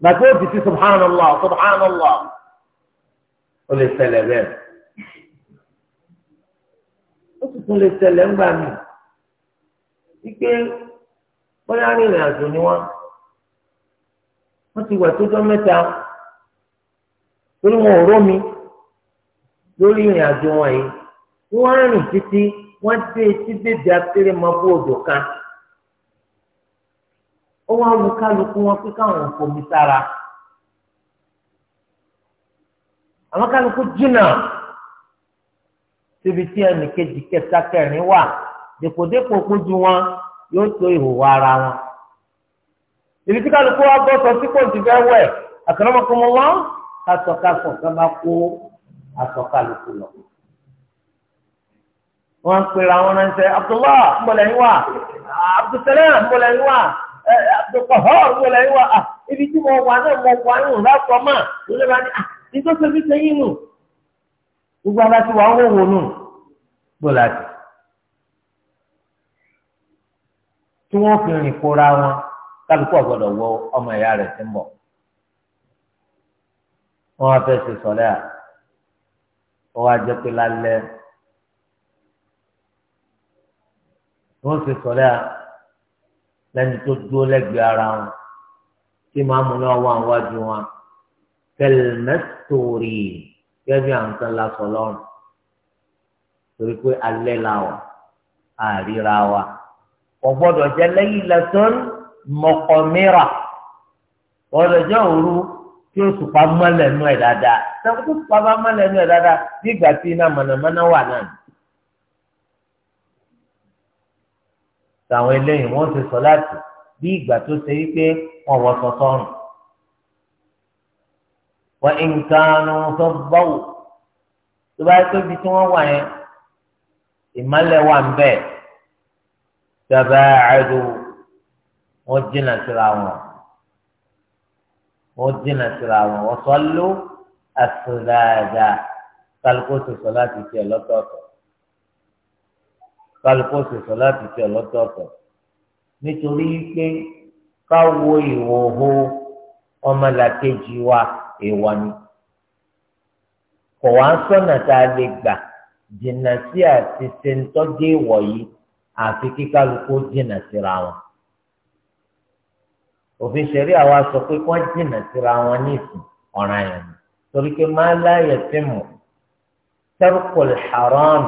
gbàgbé òbí sí subhanallah subhanallah ó lè ṣẹlẹ̀ bẹ́ẹ̀ ó sì tún lè ṣẹlẹ̀ ńgbà mí wípé bóyá rìnrìn àjò ni wọ́n wọ́n ti wà tó jọ mẹ́ta torí wọn ò rómi lórí ìrìn àjò wọn yìí wọ́n rìn títí wọ́n dé etí bèbè akéré mọ́ bó odò kan ó wá wù kálukú wọn pé káwọn fomi sára àwọn kálukú jìnnà síbi tí ẹnì kejì kẹta kẹrin wà dèpòdépò kójú wọn yóò tó ìhòòhò ara wọn ìdí tí kálukú wa gbọ́ sọ sí kò wẹ̀ àkàrà ọmọkùnrin wọn kásọkásọ ká kó asọkálukú lọ. wọ́n ń pera wọn ránṣẹ́ abdullah mbọ̀lẹ́yìn wa abdulsalam mbọ̀lẹ́yìn wa abdulkahor mbọ̀lẹ́yìn wa ibi tí mo wà náà mo wà nù lásán mà lórí bá ní nù gbogbo ara ti wà ń nù ti tí fi rìn kóra wọn kálukú wọ ọmọ ti ń ṣe à pé wọ́n ṣe sọ̀rọ̀ à lẹ́ni tó dúró lẹ́gbẹ̀ẹ́ ara wọn tí màá mú náà wà wájú wọn kẹlẹ́mẹ́tòrì gẹ́gẹ́ àwọn kan la sọ lọ́rùn torí pé alẹ́ la wà àríra wa kò gbọ́dọ̀ jẹ́ lẹ́yìn lẹ́tọ́n mọ̀kànmíra gbọ́dọ̀ jẹ́ òru tí o sùpà mọ́lẹ̀ nù ẹ̀ dáadáa sẹ́kùtù sùpà bá mọ́lẹ̀ nù ẹ̀ dáadáa bí ìgbà tí iná mọ̀nàmọ́ná wà náà tàwọn eléyìí wọ́n ti sọ láti bí ìgbà tó ṣe wípé wọ́n wọ sọ́sọ́rùn. wọ́n ìǹkanu tó bọ́wò tó bá tóbi tí wọ́n wà yẹn ìmọ̀lẹ̀ wà ń bẹ̀ tàbá àdó wọ́n jìnnà síra wọn wọ́n jìnnà síra wọn wọ́n sọ ló àfúráàdà kálukó ti sọ láti tiẹ̀ lọ́tọ̀ọ̀tọ̀ kálukú ṣe sọ láti tẹ lọ́tọ̀ọ̀tọ̀ nítorí pé káwo ìhòòhò ọmọlàkejì wa èèwọ̀ ni kò wá sọ́nà tá a lè gbà jìnnà sí àti ṣèǹtọ́jú ìwọ̀ yìí àfi kí kálukú jìnnà síra wọn òfin ṣẹ̀rí àwa sọ pé kí wọ́n jìnnà síra wọn ní ìsìn ọ̀ràn yẹn torí pé máa láyẹ̀ tí mò tẹ́rùkọ̀lù haram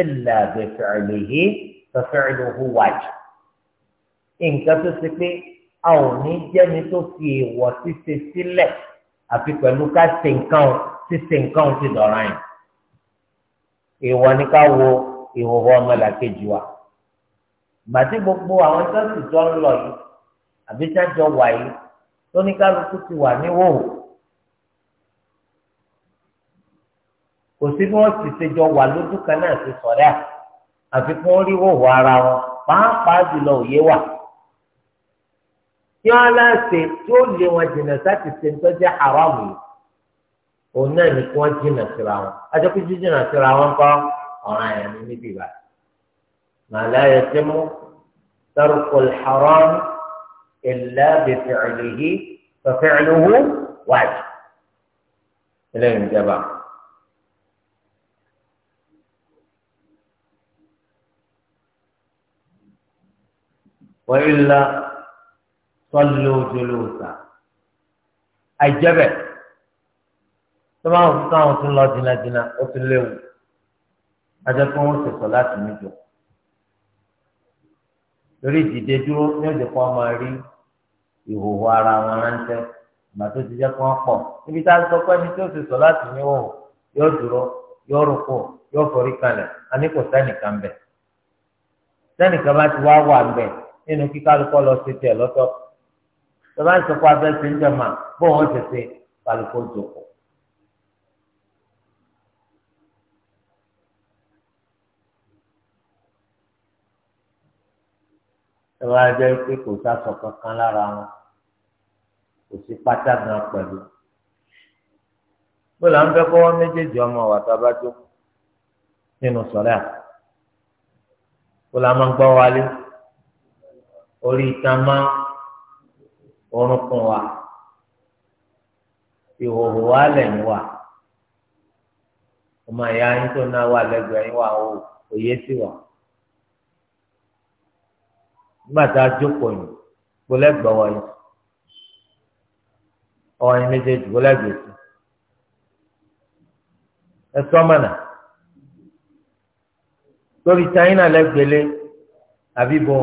ìlà bẹ̀fẹ̀lẹ̀hẹ́ fẹ̀fẹ̀lẹ̀hù wájib. nǹkan tó ṣe pé a ò ní jẹ́ni tó fi èèwọ̀ ṣíṣe sílẹ̀ àfi pẹ̀lú ká ṣe nǹkan ò ṣíṣe nǹkan ò ti dọ̀ràn yìí. èèwọ̀ ni ká wo ìhòòhò ọmọlàkejì wa. gbàtí gbogbo àwọn ṣọ́ọ̀ṣì jọ ń lọ yìí àbí sájọ wà yìí tóníkálukú ti wà níwòhùn kò sí bí wọ́n ti ṣèjọ wà lójú kan náà ti sọ̀rẹ́ à àfi kí wọ́n rí wòwò ara wọn pàápàá jùlọ òye wà. kí wọ́n láṣẹ tí ó lé wọn jìnnà sáti ṣe ń tọ́jú haramu yìí òun náà ni kí wọ́n jìnnà síra wọn ajọ́kú jíjìnnà síra wọn kọ́ ọ̀ràn àyàn ní níbí ìbá. màlá yẹ ti mú tarukul haram ilà bìfìlìhì fàfìlìhù wájú. eléyìí ń wàhálà sọlọ jòlóòsà àìjẹbẹ tó máa ń fún káwọn tún lọ jìnnàjìnnà ó tún léwu adẹ́kùn ó sèso láti níjọ lórí ìdìde dúró ní òjò kan máa rí ìhòòhò ara wọn rántẹ ìgbà tó ti jẹ́ kí wọ́n pọ̀ níbi tá a sọ pé ẹni tó sèso láti níwòhò yóò dúró yóò rúkọ yóò forí kalẹ̀ àní kò sẹ́nìkan bẹ̀ bá ti wá wà bẹ̀ nínú kíkálukọ lọ sí tiẹ̀ lọ́tọ̀ tó bá ń sọ fún abẹ́ sí ń jẹ máa bó wọn ṣe ṣe kálukọ jòkó. tó bá jẹ́ pé kò sásọ kankan lára wọn kò sí pátá gan pẹ̀lú bó la ń fẹ́ kọ́ méjèèjì ọmọ wa tá a bá jókòó nínú sọ̀rọ̀ à bó la máa ń gbọ́ wálé orí itan má orúnkún wa ìhòòhò wa lẹ́yìn wa ọmọ ìyá yín tó náà wà lẹ́gbẹ̀ẹ́ yín wà ó òye sí wa nígbà tá a jókòó yìí gbọlẹ́gbẹ̀ wọ yìí ọ̀yin méjèèjì gbọlẹ́gbẹ̀ sí ẹ sọ́mọ̀nà lórí táyínà lẹ́gbẹ̀lé àbíbọ̀.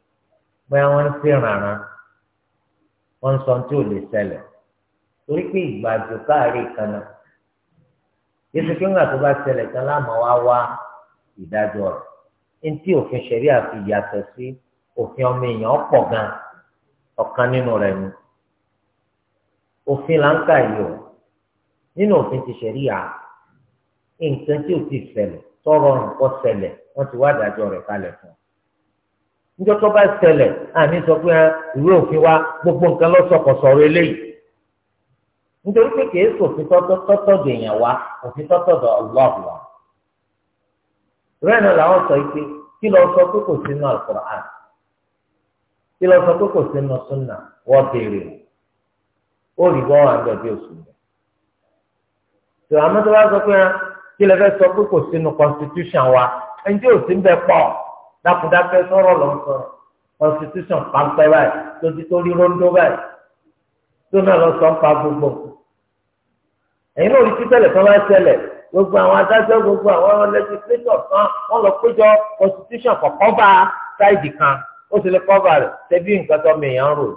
bóyá wọ́n ń sèrànràn wọ́n ń sọ tí ò lè ṣẹlẹ̀ torí pé ìgbàjò káàárẹ̀ kan náà yéṣu kí ńgbà tó bá ṣẹlẹ̀ kan láàmú wá wá ìdájọ́ rẹ̀ ntí òfin ṣẹ̀rí àfi yàtọ̀ sí òfin ọmọ èèyàn pọ̀ gan ọ̀kan nínú rẹ̀ ni òfin là ń kà yìí o nínú òfin ti ṣẹ̀rí à nǹkan tí ò ti ṣẹlẹ̀ tọrọ nǹkan ṣẹlẹ̀ wọ́n ti wá ìdájọ́ rẹ̀ kalẹ̀ fún un níjọ́ tó bá ṣẹlẹ̀ àní sọ pé ah, ìwé òfin wa gbogbo nǹkan lọ́sọ̀kọ̀ sọ̀rọ̀ eléyìí nítorí pé kìí sọ òfin tọ́tọ́ dè yàn wá òfin tọ́tọ́ dọ̀ ọlọ́ọ̀hùn wa rẹ́ẹ̀nà làwọn sọ pé kí lọ sọ pé kò sínú Al-Qur'an kí lọ sọ pé kò sínú súnà wọ́n béèrè ó rí bọ́ àgbẹ̀ bí oṣù rẹ̀ tó àmọ́ tó bá sọ pé ah, kí lọ fẹ́ sọ pé kò sínú constitution wa ẹni tí ò sí ń bẹ pọ̀ dákúdákẹ́ sọ̀rọ̀ lọ sọ̀rọ̀ constitution pàmpẹ́ báyìí lójú tó rí rondo báyìí tó náà lọ sọ ń pa gbogbo ẹ̀yin náà rí títẹ̀lẹ̀ tó bá ṣẹlẹ̀ gbogbo àwọn adájọ́ gbogbo àwọn legislator kan wọ́n lọ péjọ constitution kọ̀kọ́ bá ṣáìdì kan ó sì lè kọ́ba rẹ̀ ṣẹ́bí nǹkan tó mìíràn rò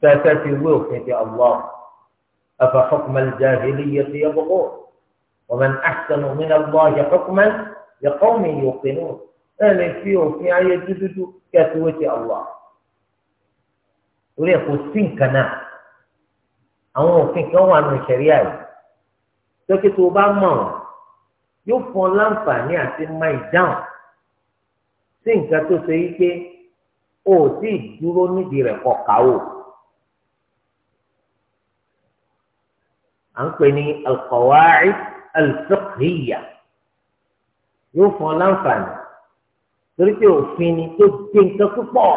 tẹ́tẹ́ ti wé òfin ti Allah afa hukmal jahiliyyati yabghun wa man ahsanu min لقوم يوقنون أنا في وفي آية جدد كتوتي الله وليه قسين كنا àwọn òfin kan wà nù ìṣẹ̀ríà yìí tókè tó bá mọ̀ ọ́ yóò fún ọ láǹfààní àti má ìdáhùn sí nǹkan tó ṣe yìí pé o ò tí ì dúró nídìí rẹ̀ kọ káwò. à ń pè ní al-qawaid al-fiqhiyya. Al yóò fún ọ láǹfààní torí pé òfin ni tó dé nǹkan púpọ̀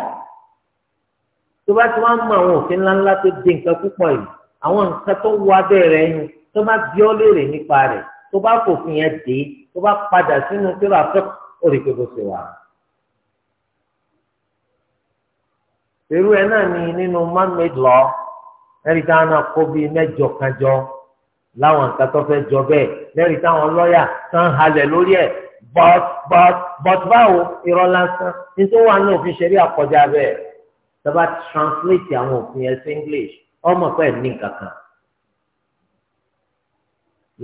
tó bá ti wá ń mọ àwọn òfin ńláńlá tó dé nǹkan púpọ̀ yìí àwọn nǹkan tó wọ abẹ́ rẹ̀ yín tó bá bí ọ léèrè nípa rẹ̀ tó bá fòfin yẹn dé tó bá padà sínú tíra fẹ́ òrìkèbó ṣe wà. irú ẹ náà ni nínú man-made law ẹ̀rí táwọn náà kó bíi mẹ́jọ kan jọ láwọn nǹkan tó fẹ́ jọ bẹ́ẹ̀ lẹ́rìí táwọn lọ́ọ̀yà tán halẹ̀ lórí ẹ̀ but báwo irọ́ lásán ní tó wà ní òfin ṣẹ̀rí àkọjá bẹ́ẹ̀ tọ́ba translate àwọn òfin ẹ̀ sí English ọmọ pẹ̀ ní kankan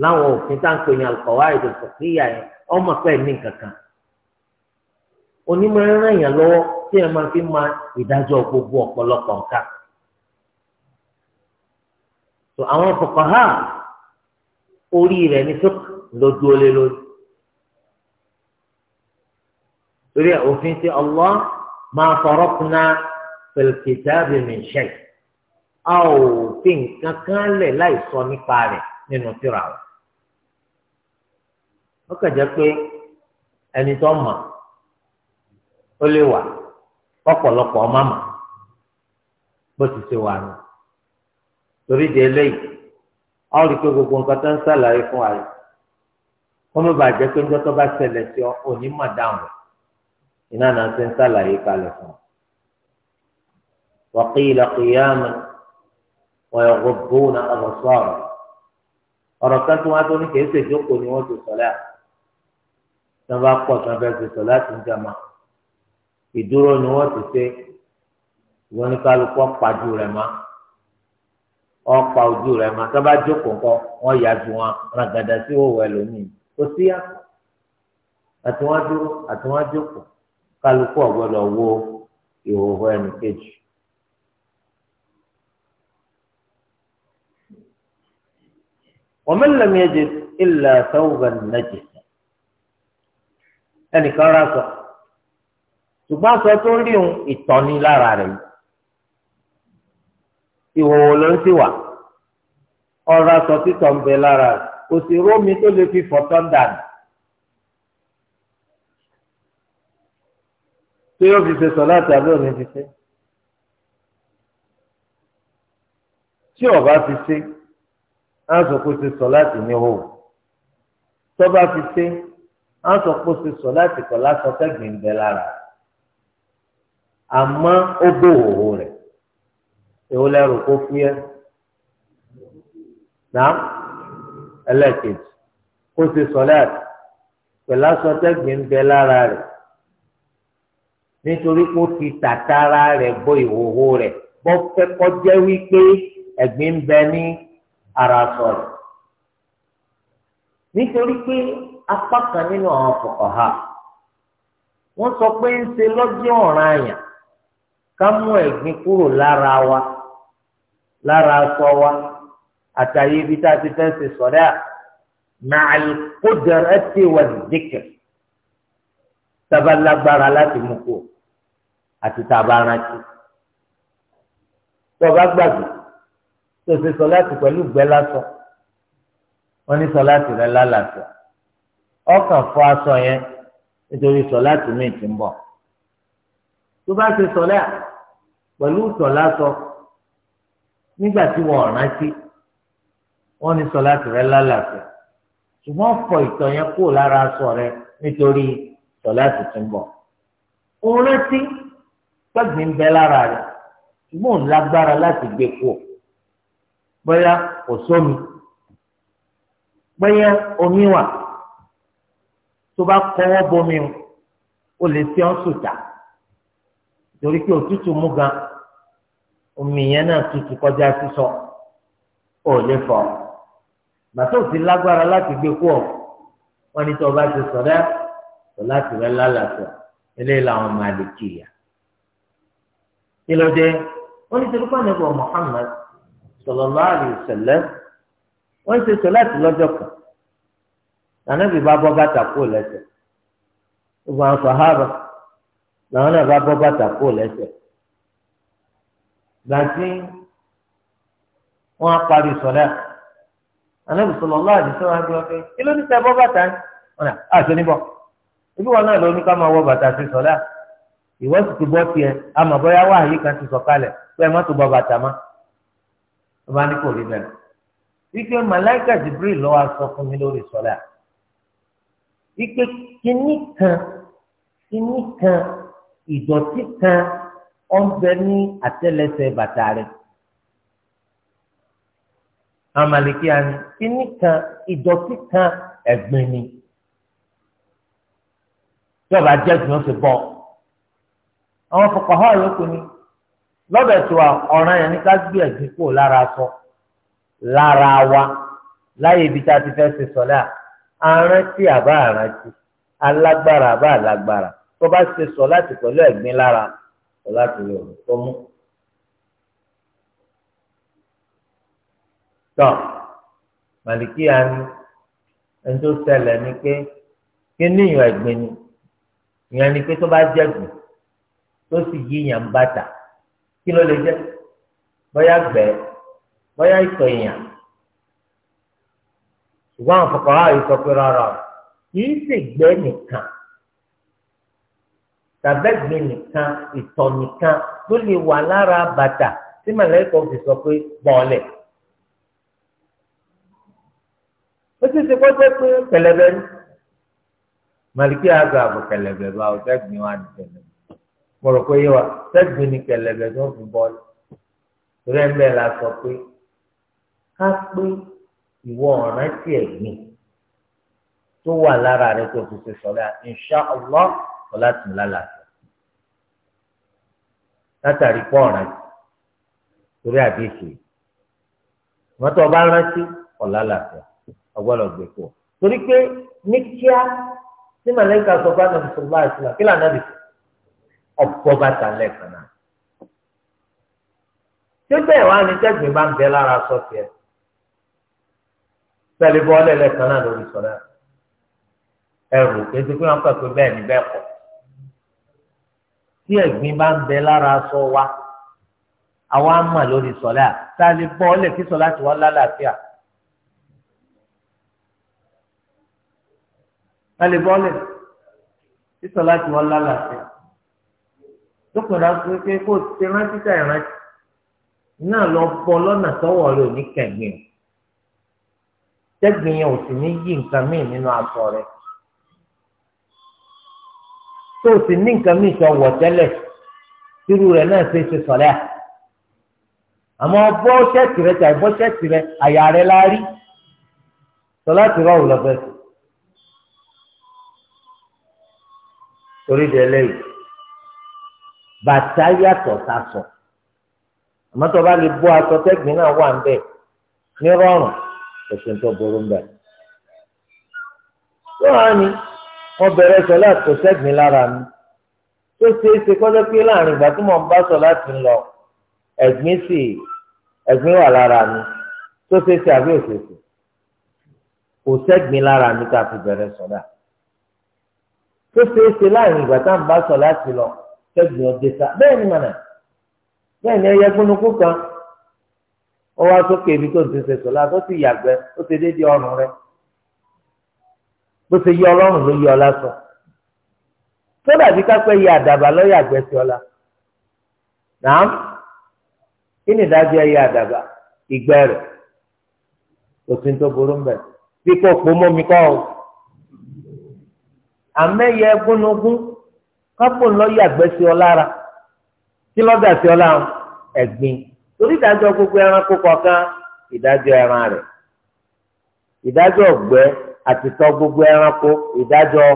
láwọn òfin tá à ń pè ní al-qawaid al-fiqhiyya yẹn ọmọ pẹ̀ ní kankan onímọ̀ ẹ̀rọ èèyàn lọ́wọ́ tí ẹ máa fi máa ìdájọ́ gbogbo ọ̀pọ̀lọpọ̀ nǹkan. tó àwọn fuqaha orí rẹ̀ ní sọ́kà ló dúró lórí. torí òfin ti Allah máa farakna fil kitabi min shay a ò fi nǹkan kan lẹ̀ láì sọ nípa rẹ̀ nínú tírà wọn. ó kàn jẹ́ pé ẹni tó mọ̀ ó lè wà ọ̀pọ̀lọpọ̀ ọmọ mọ̀ bó ti ṣe wà nù torí di eléyìí a ó rí i pé gbogbo nǹkan tó ń ṣàlàyé fún wa yìí wọ́n mọ̀ bàjẹ́ pé ńjọ́ tó bá ṣẹlẹ̀ sí ọ òní mọ̀ dáhùn rẹ̀ iná náà ti ń sàlàyé kalẹ̀ fún wa qila qiyaman wa yaghudduna absarahum ọ̀rọ̀ kan tí wọ́n á tó ní kìí ṣe ìjókòó ni wọ́n ti sọ̀lá tí wọ́n bá pọ̀ tí wọ́n fẹ́ ti sọ̀lá ti ń jama ìdúró ni wọ́n ti ṣe ìwọ ní kálukú ọ̀pájú rẹ̀ ma ọ̀pá ojú rẹ̀ ma tí wọ́n bá jókòó kọ́ wọ́n yà ju wọn ràgàdà sí òwò ẹlòmíì kò síyà àti wọ́n dúró kálukú ọ̀gbọ́dọ̀ wo ìhòòhò ẹnì kejì. ومن لم يجد إلا ثوبا نجسا ẹnìkan rà sọ ṣùgbọ́n aṣọ tó rí òun ìtọ́ni lára rẹ̀ ìhòòhò ló ń sì wà ọ̀rọ̀ aṣọ títọ̀ ń bẹ lára rẹ̀ rómi tó lè fi fọ́tọ́ dànù tí yóò fi ṣe sọlá tàbí òní fi ṣe tí ọba fi ṣe á sọ pé ṣe sọlá tì ní hò tọba fi ṣe á sọ pé ṣe sọlá tì kọ lásán kẹgbìn bẹ lára àmọ́ ó bò òwò rẹ èwo lẹrù kó fúyẹ́ náà ẹlẹ́kejì kó ṣe sọlá pẹ̀lú aṣọ tẹgbìn bẹ lára rẹ nítorí kó ti tàtàrà rẹ̀ bọ́ ìhòhò rẹ̀ bọ́ fẹ́ kọjá wípé ẹ̀gbin ń bẹ ní ara sọ̀rọ̀ nítorí pé apá kan nínú àwọn fòkànhà wọ́n sọ pé ń ṣe lọ́jọ́ ọ̀ràn àyàn ká mú ẹ̀gbin kúrò lára wa lára aṣọ wa àtàyè ibi tá a ti fẹ́ ṣe sọ̀rọ̀ à màálù kó dẹrẹ́ ti wà dìkẹ̀ tába lágbára láti mú kó àti tába rántí tó o bá gbàgbé tó o ṣe sọ láti pẹ̀lú gbẹ́ lásán wọ́n ní sọ láti rẹ lálàáfíà ọkàn fọ aṣọ yẹn nítorí sọ láti mí ti ń bọ̀ tó bá ṣe sọ lẹ́à pẹ̀lú sọ lásán nígbà tí wọ́n rántí wọ́n ní sọ láti rẹ lálàáfíà ṣùgbọ́n fọ ìtọ̀ yẹn kúrò lára aṣọ rẹ nítorí sọlá sì tún bọ̀ òun rántí gbàgbé ń bẹ lára rẹ̀ ṣùgbọ́n òun lágbára láti gbé kú ọ bóyá kò sómi bóyá omi wà tó bá kọ́wọ́ bomi o ó lè fi ọ́n sùtà torí pé òtútù mú gan omi yẹn náà tutù kọjá sísọ ó lè fọ màtó ti lágbára láti gbé kú ọ wọn ni tó o ti sọ dẹ́ sọláàtì rẹ lálàáfíà eléyìí làwọn màlìkìyà kí ló dé wọn ní sọlá nípa Muhammad sallallahu alaihi wasallam wọn ń ṣe sọláàtì lọ́jọ́ kan nànàbì bá bọ́ bàtà kó lẹ́sẹ̀ gbogbo àwọn sàhábà làwọn náà bá bọ́ bàtà kó lẹ́sẹ̀ gbàtí wọn á parí sọlá nànàbì sallallahu alaihi wasallam wọn á wọn fẹ́ kí ló ní sẹ bọ́ bàtà yìí wọn náà àṣẹ níbọ̀ ibi wọn náà ló ní ká máa wọ bàtà sí sọlá ìwọ sì ti bọ́ tiẹ̀ àmọ́ bóyá wà yìí kan ti sọ kalẹ̀ pé ẹ má tó bọ bàtà má ló bá ní kò rí bẹ́ẹ̀ wípé màláìkà jibril ló wá sọ fún mi lórí sọlá wípé kíní kan kíní kan ìdọ̀tí kan ọ̀nbẹ ní àtẹ́lẹsẹ̀ bàtà rẹ̀ àmàlìkíyà ni kíní kan ìdọ̀tí kan ẹ̀gbin ni tí ọba jẹ́ ìgbìn ó ti bọ́ àwọn fọkànhá yòókù ni lọ́dọ̀ tiwa ọ̀ràn yẹn ní ká gbé ẹ̀gbin kúrò lára sọ lára wa láyé ibi tá a ti fẹ́ ṣe sọ̀lá arántí àbá arántí alágbára àbá alágbára tó bá ṣe sọ láti pẹ̀lú ẹ̀gbin lára sọ láti lè rò tó mú. tọ́ màlìkíyà ni ẹni tó ṣẹlẹ̀ ni pé kí níyàn ẹ̀gbin ni ìyẹn ni pé tó bá jẹ̀gùn tó sì yíyàn bàtà kí ló lè jẹ́ bóyá gbẹ́ bóyá ìtọ̀ èèyàn ṣùgbọ́n àwọn fọkànlá yìí sọ pé rárá kì í sì gbẹ́ nìkan tàbẹ́gbẹ́ nìkan ìtọ̀ nìkan ló lè wà lára bàtà tí màlẹ́kọ̀ fi sọ pé bọ́ọ̀lẹ̀. ó sì ṣe kọ́ jẹ́ pé pẹlẹbẹ ni màlìkí àgbà àbò kẹlẹbẹ bá o tẹgbin wa ní kẹlẹbẹ mo rò pé yé wa tẹgbin ní kẹlẹbẹ tó fi bọ́ọ̀lù torí ẹ̀ ń bẹ́ẹ̀ la sọ pé ká pé ìwọ ọ̀ràn tí ẹ̀ gbìn tó wà lára rẹ tó fi ṣe sọlá insha Allah ọlá tì ń lálàsọ látàrí pọ̀ ọ̀ràn torí àdéhùn wọn tó bá rántí ọ̀làlàsọ ọgbọ́dọ̀ gbẹ̀kọ́ torí pé ní kíá ní màlẹ́kà sọ fún anabi sọlá ìsìlá kí lànà bìí ọ̀pọ̀ bàtà lẹ́ẹ̀kan náà. tí bẹ́ẹ̀ wá ní tẹ́gbìn bá ń bẹ lára sọ tiẹ̀ pẹ̀lú bọ́ọ̀lù lẹ́ẹ̀kan náà lórí sọ̀rọ̀ ẹrù kéde pé wọ́n pẹ̀ pé bẹ́ẹ̀ ni bẹ́ẹ̀ kọ́. tí ẹ̀gbìn bá ń bẹ lára sọ wa àwa mà lórí sọ̀rọ̀ à tá a kí sọ̀rọ̀ àti wọ́n lálàáfíà. wọn lè bọ́lẹ̀ sísọ láti wọn lálàáfíà lókùnrin àti pé kó o ti rántí ká ìrántí náà lọ bọ lọ́nà tọ́wọ́ rẹ ò ní kẹ̀gbìn tẹ́gbìn yẹn ò sì ní yí nǹkan míì nínú aṣọ rẹ tó o sì ní nǹkan míì sọ wọ̀ tẹ́lẹ̀ tírú rẹ náà ṣe ṣe sọ̀rẹ́ à àmọ́ bọ́ ṣẹ́ẹ̀tì rẹ tàbí bọ́ ṣẹ́ẹ̀tì rẹ àyà rẹ la rí sọ láti rọ́ọ̀rù lọ́fẹ̀ẹ́ torí de lẹ́yìn bàtà yàtọ̀ sasọ àmọ́tọ́ bá lè bọ́ aṣọ tẹ́gbìn náà wà ńbẹ̀ ní rọrùn òṣèlú tó burú ńbẹ̀. lọ́wọ́ ni wọ́n bẹ̀rẹ̀ sọ láti kò sẹ́gbìn lára mi tó ṣeé ṣe kọ́jọ́ pé láàrin ìgbà tí mò ń bá sọ láti lọ ẹ̀gbìn sì ẹ̀gbìn wà lára mi tó ṣeé ṣe àbí òṣèṣe kò sẹ́gbìn lára mi tá a fi bẹ̀rẹ̀ sọ tó ṣeé ṣe láàrin ìgbà tá à ń bá sọ láti lọ kẹ́gbìn ọdẹ sá bẹ́ẹ̀ ni mànà bẹ́ẹ̀ ni ẹyẹ gbónúkú kan ó wá sókè ibi tó ń ti ṣe sọ láti ó ó ọrùn rẹ bó ṣe yí ló yí ọ tó dàbí kápẹ́ yí àdàbà àgbẹ̀ sí nàám kí ni ìdájọ́ àdàbà ìgbẹ́ rẹ̀ tó burú ń àmẹ́yẹ gúnugún kápò ńlọ yàgbẹ́ sí ọ lára kí lọ́dà sí ọ láwọn ẹ̀gbin torí ìdájọ́ gbogbo ẹranko kọ̀ọ̀kan ìdájọ́ ẹran rẹ̀ ìdájọ́ ọ̀gbẹ́ àtìtọ́ gbogbo ẹranko ìdájọ́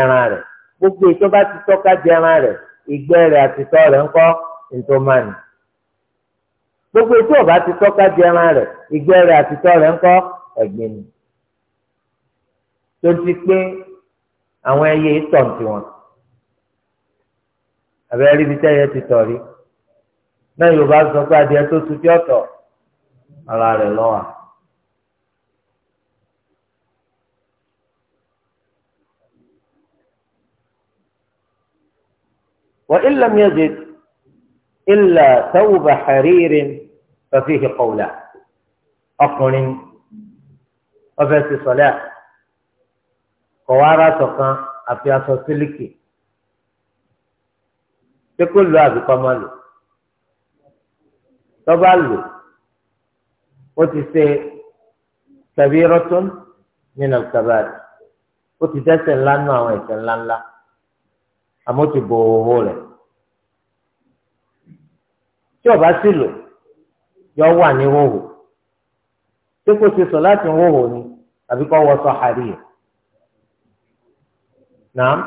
ẹran rẹ̀ gbogbo ètò bá ti tọ́ka jẹ ẹran rẹ̀ ìgbẹ́ rẹ̀ àtìtọ́ rẹ̀ ńkọ́ ntòmánì gbogbo ètò ọba ti tọ́ka jẹ ẹran rẹ̀ ìgbẹ́ rẹ̀ àtìtọ́ rẹ̀ ńkọ́ ẹ̀gbin ni tó ti pé àwọn ẹyẹ ìtọ̀ tiwọn àbẹ́rẹ́ ríbi tẹ́yẹ ti tọ̀ rí náà yorùbá sọ pé adìẹ tó tu tí ọ̀tọ̀ ara rẹ̀ lọ́wọ́. وإن لم يجد إلا ثوب حرير ففيه قولا أقل وفي صلاة kọ̀wá ara sọ̀kan àfi aṣọ sílíkì ṣé kó lo àbíkọ́ máa lò tọ́ba lò ó ti ṣe kabiratun min al-kaba'ir ó ti dẹ́ṣẹ̀ ńlá nù àwọn ẹ̀ṣẹ̀ ńlá ńlá àmọ́ ti bò owó rẹ̀ tí ọba sì lò yọ wà ní wòwò tí kò ṣe sọ láti wòwò ni àbíkọ́ wọ sọ àríyàn nàám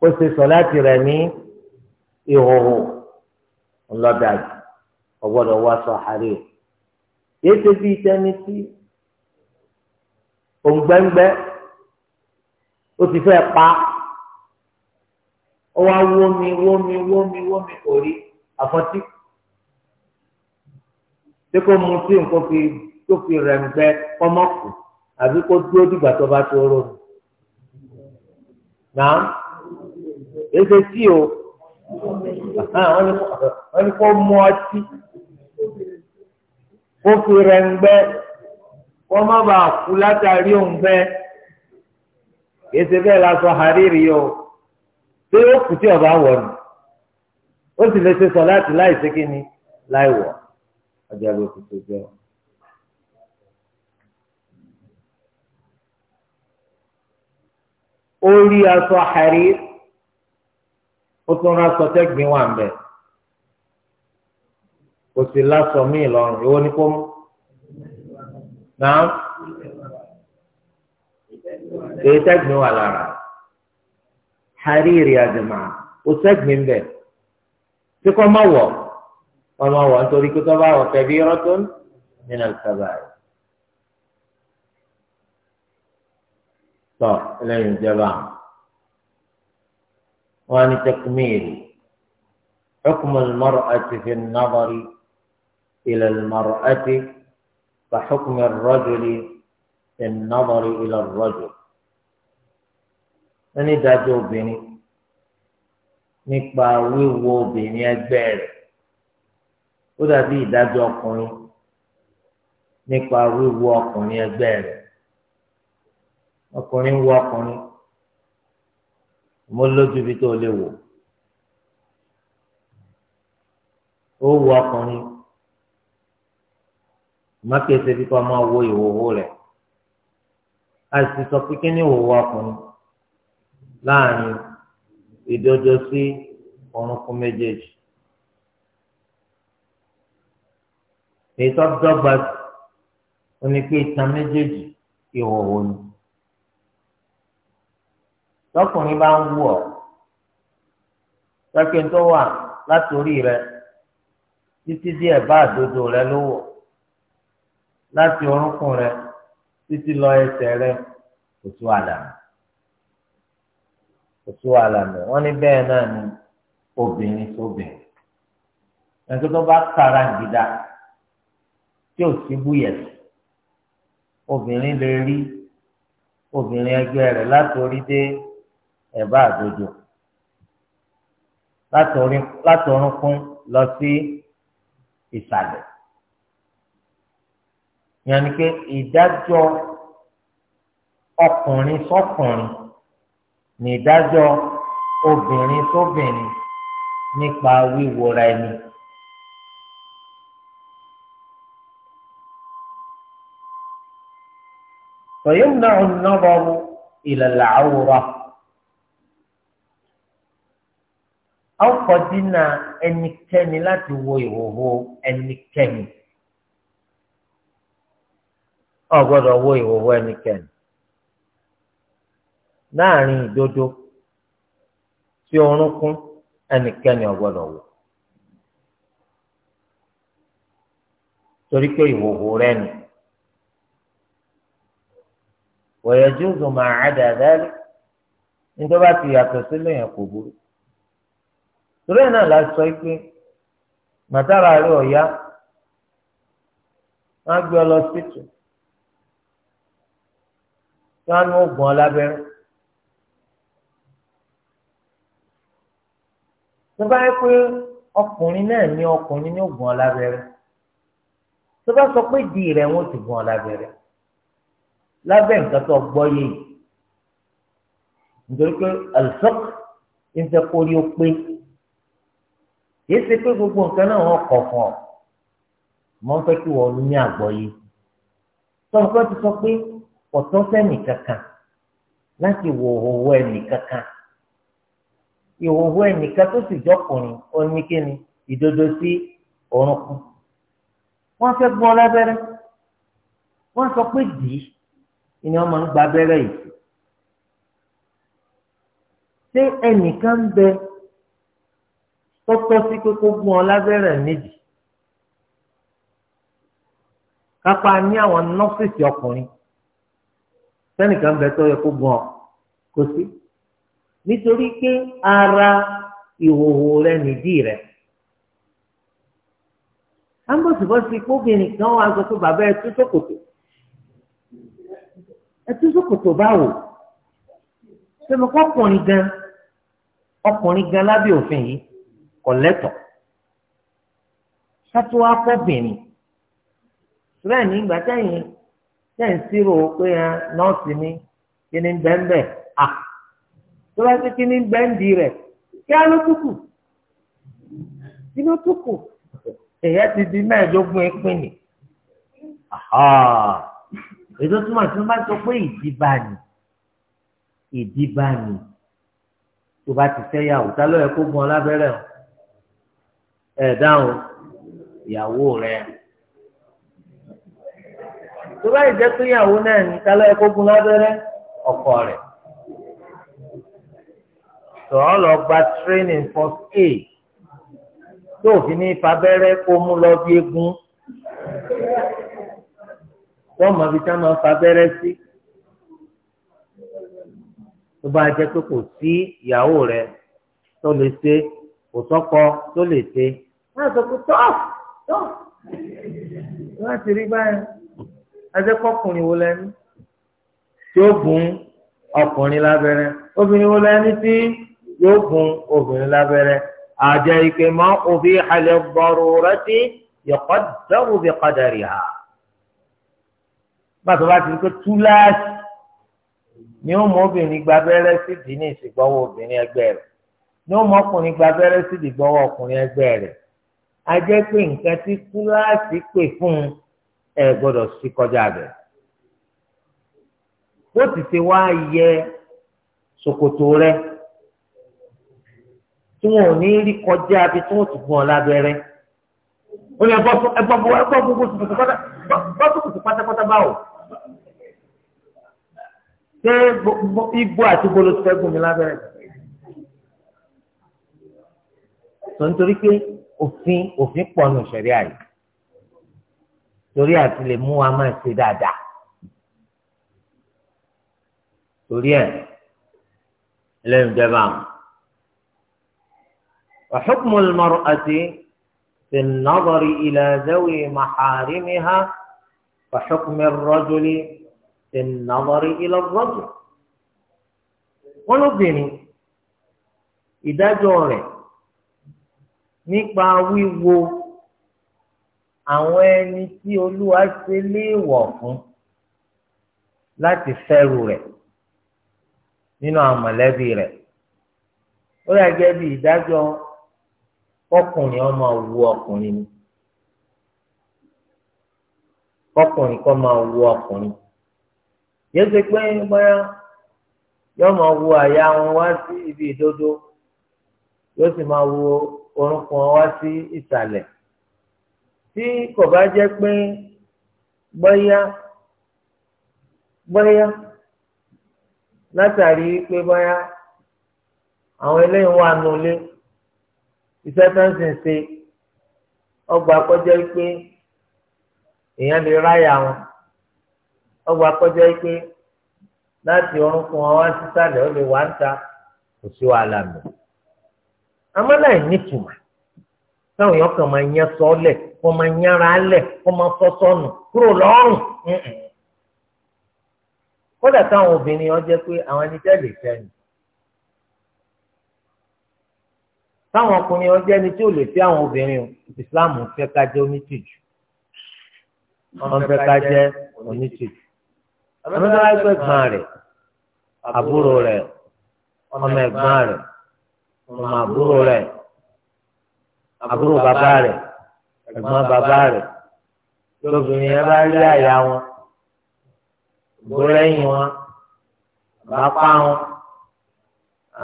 ó ṣe sọ̀láàtì rẹ̀ ní ìhòòhò ńlọ́dàjì ọgbọ́dọ̀ wá sọ àárẹ̀ o yéé ṣe bí ìtẹ́ni tí òǹgbẹ́ngbẹ́ ó ti fẹ́ pa ó wá wómi wómi wómi wómi kò rí àfọ́tí tí kò mú sí nǹkan tó fi rẹ̀ ń gbẹ kọ́mọ́kù àbí kó dúró dìgbà tó bá tó rò náà èsè tí o wọ́n ní kó mú ọtí kó fi rẹ̀ ń gbẹ́ kó má bàa kú látàrí òun fẹ́ èsè bẹ́ẹ̀ la sọ o pé ó kù tí ọba wọ̀ nù ó sì lè ṣe sọ láti láì ṣe kí ni láì wọ̀ ọjà ló ti tó jẹ́ ọ. ó rí aṣọ àárí ó tún ra aṣọ tẹ́gbìn wà mbẹ́ kò sì láṣọ míì lọ́rùn ìwọ ni kò mú náà èyí tẹ́gbìn wà lára àárí ìrìn àjùmọ̀ ó tẹ́gbìn bẹ́ẹ̀ tí kò má wọ̀ ọmọ wọ̀ nítorí pé tó bá wọ̀ tẹ̀bí rọ́tún nínú ìtàbáyé. tọ ẹlẹ́yìn ìjọba wọn ni tẹkumíìrì حكم المرأة في النظر إلى المرأة كحكم الرجل في النظر إلى الرجل wọ́n ní dájọ́ obìnrin nípa wíwo obìnrin ẹgbẹ́ rẹ̀ ó dàbí ìdájọ́ ọkùnrin nípa wíwo ọkùnrin ẹgbẹ́ rẹ̀ ọkùnrin ń wo ọkùnrin mo lójú ibi tó lè wò ó wo ọkùnrin mákèsè bí kò máa wo ìhòòhò rẹ̀ a sì sọ pé kí ni ìhòòhò ọkùnrin láàrin ìdodo sí orúnkún méjèèjì èyí tó dọ́gba ní pé itan méjèèjì ìhòòhò ni lọ́kùnrin bá ń wù ọ́ pẹ́kẹ́ tó wà látòrí rẹ títí díẹ̀ bá àdodo rẹ ló wọ̀ láti orúnkún rẹ títí lọ ẹsẹ̀ rẹ kò tó àlàmì kò tó àlàmì wọ́n ní bẹ́ẹ̀ náà ni obìnrin sóbìnrin ẹ̀ńtọ́ tó bá kára gidá tí ò sí búyẹ̀sì obìnrin lè rí obìnrin ẹgbẹ́ rẹ̀ látòrí dé ẹ̀bá àdodo láti orúnkún lọ sí ìsàlẹ̀ yẹn ni pé ìdájọ́ ọkùnrin sọ́kùnrin ní ìdájọ́ obìnrin sóbìnrin nípa wíwòra ẹni. فيمنع النظر إلى العورة a ó kọ́ dínà ẹnikẹ́ni láti wo ìhòhò ẹnikẹ́ni o wo ìhòhò láàrin ìdodo tí orúnkún ẹnikẹ́ni o gbọ́dọ̀ torí pé ìhòhò rẹ ni wọ̀yẹ̀jú zùmọ̀ àdàdà nítorí ti yàtọ̀ sílẹ̀ yẹn kò burú. torí ẹ̀ náà la sọ pé màtàrà rẹ̀ ọ̀yá wọ́n á gbé ọ lọ síìtù tí wọ́n á nú oògùn ọlábẹ́rẹ́. tó bá yẹ pé ọkùnrin náà ní ọkùnrin ní oògùn ọlábẹ́rẹ́ tó bá sọ pé di rẹ̀ wọ́n ti gùn ọlábẹ́rẹ́ lábẹ́ nǹkan tó gbọ́ yé yìí nítorí pé àlùfọ́ọ̀kì ń fẹ́ kórí ó pé yìí ṣe pé gbogbo nǹkan náà wọ́n kọ̀ fún ọ mọ́ fẹ́ kí wọ́n ní àgbọ́yé tọ́lùkọ́ ti sọ pé ọ̀tọ́ sẹ́nì kankan láti wò òwò ẹnì kankan ìhòòhò ẹnì kan tó sì jọkùnrin oníkéni ìdodo sí orúnkún wọ́n fẹ́ gbọ́ lábẹ́rẹ́ wọ́n sọ pé dì í ni wọ́n máa ń gba abẹ́rẹ́ yìí ṣé ẹnìkan bẹ tọ́tọ́ sí pé kó gún ọ lábẹ́rẹ́ méjì kápá ní àwọn nọ́ọ̀sìsì ọkùnrin sẹ́nìkan bẹ tó yẹ kó gún ọ kó sí nítorí pé ara ìhòòhò rẹ nìdí rẹ à ń bọ̀ sí bọ́ sí kóbìnrin kan wá sọ pé bàbá ẹ tú ṣòkòtò ẹ tú ṣòkòtò báwo ṣé mo kọ́ ọkùnrin gan ọkùnrin gan lábẹ́ òfin yìí kọ̀lẹ́tọ̀ sátú wá fọ́bìnrin bẹ́ẹ̀ ni ìgbà tẹ́yìn tẹ́yìn sírò pé nọ́ọ̀sì ni kíní bẹ́ńbẹ́ à tó bá ti kíní bẹ́ńdì rẹ̀ kí á ló túkù kí ló túkù èyẹ ti di mẹ́ẹ̀ẹ́dógún ẹ̀pìn ni èdè túmọ̀ tí wọ́n bá sọ pé ìdìbà ni ìdìbà ni tó bá ti fẹ́ yà wò tá ló yẹ kó gun ọ lábẹ́rẹ́ o. ẹ dáhùn ìyàwó rẹ̀ tó bá ìjẹ́ pé ìyàwó náà ní kálọ́ ẹ̀kọ́ lábẹ́rẹ́ ọkọ rẹ̀ sọ̀rọ̀ lọ gba training first aid tó fi ní fabẹ́rẹ́ kó mú lọ bí egun wọ́n mọ̀ bí táwọn máa fabẹ́rẹ́ sí tó bá jẹ́ pé kò sí ìyàwó rẹ̀ tó lè ṣe kò sọ́kọ tó lè ṣe wọ́n sọ pé tọ́ tọ́ wọ́n ti rí báyìí ajẹ́kọ̀ọ́kùnrin wo lẹ́nu tí ó gún ọkùnrin lábẹ́rẹ́ obìnrin wo lẹ́nu tí yóò gún obìnrin lábẹ́rẹ́ àjẹ ike mọ́ òfin ìhàlẹ̀ gbọ́rọ̀ rẹ tí yọ̀kọ́ dẹ́rù bí padà rí ha bàtà bá ti rí pé túláàsì ni ó mọ obìnrin gba sí dì ìsìgbọ́wọ́ obìnrin ẹgbẹ́ rẹ̀ ní ọmọ ọkùnrin gba abẹ́rẹ́ sí ìdìbọwọ́ ọkùnrin ẹgbẹ́ rẹ̀ a jẹ́ pé nǹkan tí kíláàsì pè fún ẹ gbọ́dọ̀ sí kọjá bẹ̀. ó ti ṣe wá yẹ ṣòkòtò rẹ tí wọn ò ní rí kọjá bí tí wọn ti gún ọ lábẹ́rẹ́ ó ní ẹgbọ́ gbogbo ṣòkòtò pátápátá báwò ṣé igbó àti gbolo ti fẹ́ gún mi lábẹ́rẹ́ kan. tó nítorí pé òfin òfin pọ̀ nù sẹ̀rí àyè torí àti lè mú wa máa ṣe dáadáa torí ẹ̀ lẹ́yìn ìjọba àwọn. وحكم المرأة في النظر إلى ذوي محارمها وحكم الرجل في النظر إلى الرجل ولبني إذا جورت nípa wíwo àwọn ẹni tí olúwa ṣe léèwọ̀ fún láti fẹ́rù rẹ̀ nínú àwọn mọ̀lẹ́bí rẹ̀ ó yà gẹ́gẹ́ bí ìdájọ́ ọkùnrin ọmọ wu ọkùnrin ni ọkùnrin kọ́ máa wu ọkùnrin yéé ṣe pé bóyá yọ́ máa wu àyà wọn wá sí ibi ìdodo yóò sì máa wu orúnkún wọn wá sí ìsàlẹ̀ tí kò bá jẹ́ pé bóyá bóyá látàrí pé bóyá àwọn eléyìí wà nulẹ̀ iṣẹ́ tó ń sìn ṣe ọgbà kọjá pé èèyàn lè ráyà wọn ọgbà kọjá pé láti orúnkún wọn wá sísàlẹ̀ ó lè wá ń ta kò sí wàhálà mọ́ amálà ẹ̀ nítumọ̀ táwọn èèyàn kan máa yán sọ́ọ́lẹ̀ kó máa yánra lẹ̀ kó máa sọ́sọ́nù kúrò lọ́rùn kódà táwọn obìnrin yẹn jẹ́ pé àwọn ẹni tẹ́lẹ̀ fẹ́ ni táwọn ọkùnrin yẹn jẹ́ ẹni tí ò lè fẹ́ àwọn obìnrin o ìsìláàmù ká jẹ́ onítìjú wọ́n fẹ́ ká jẹ́ onítìjú àmọ́ tó wáyé pé àbúrò rẹ̀ ọmọ ẹ̀gbọ́n rẹ̀ ọmọ àbúrò rẹ̀ àbúrò bàbá rẹ̀ ẹ̀gbọ́n bàbá rẹ̀ lóbìnrin yẹn bá rí àyà wọn gbórẹ́yìn wọn àbápá wọn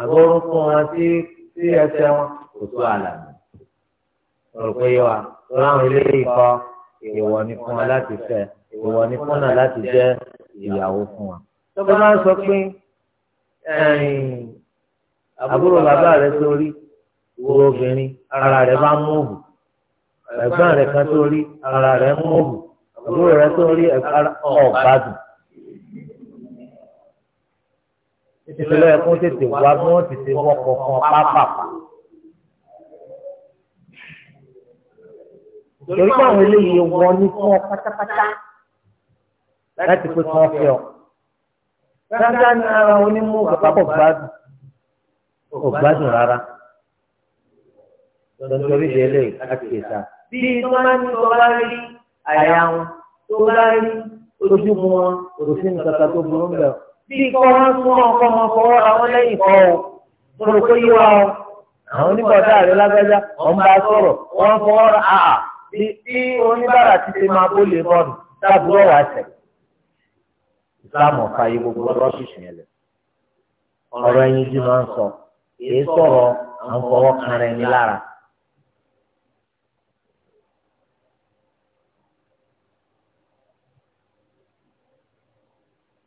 àbórúkún wọn sí sí ẹsẹ̀ wọn kò tó àlàyé rò pé yọ wa láwọn ilé ìkọ ìwọ ni fún wa láti fẹ́ ìwọ ni fún náà láti jẹ ìyàwó fún wa. tó bá sọ pé àbúrò bàbá rẹ sórí ìwọ obìnrin ara rẹ bá múùbù ẹ̀gbọ́n rẹ kan sórí ara rẹ múùbù àbúrò rẹ sórí ọ̀gbádùn. ìṣẹ̀lẹ̀ ẹ̀kún tètè wá bí wọ́n ti ṣe wọ́pọ̀ fún ọ pápápá. torí pé àwọn eléyìí wọ ní fún ọ pátápátá láti pé kí wọ́n fi ọ. sáńtà ní ara onímọ̀ bàbá gbádùn ògbádùn rárá lọ́ntorí délé àkíyèsá. bí tó bá ní tó bá rí àyà wọn tó bá rí ojú mu wọn kò sí nǹkan kan tó burú bẹ́ẹ̀. bí kọ́ wọn fún ọkọ wọn fọwọ́ àwọn lẹ́yìn kọ́ ọ mo rò pé yíwá ọ àwọn oníbọ̀dá rẹ lágbájá wọn bá sọ̀rọ̀ wọn fọwọ́ àà bí oníbàárà ti ṣe máa bó lè bọ́ọ̀nù táàbùrọ̀ wà tẹ̀. ìsàmù ọ̀fà yìí gbogbo ọ̀rọ̀ ọ̀rọ̀ ẹyin jù máa ń sọ. kìí sọ̀rọ̀ à ń fọwọ́ kan rẹ̀ ní lára.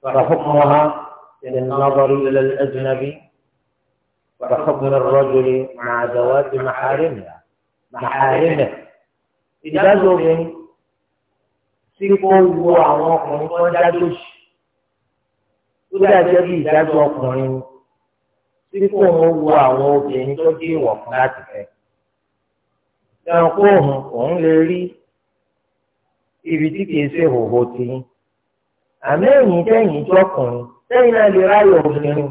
فحكمها للنظر إلى الأجنبي وحكم الرجل مع ذوات محارمها محارمه إذا زوجين sípò wo àwọn ọkùnrin tó ń dájú sí. ó dàjẹ́ bí ìdájọ́ ọkùnrin ni. kíkó òun wo àwọn obìnrin tó dé ìwọ̀ fún láti fẹ́. Ìyàwó kó òun òun lè rí ibi tí kìí ṣe hòhò tí. Àmọ́ ẹ̀yìn tẹ̀yìn jọkùnrin tẹ̀yìn náà lè ráyọ̀ obìnrin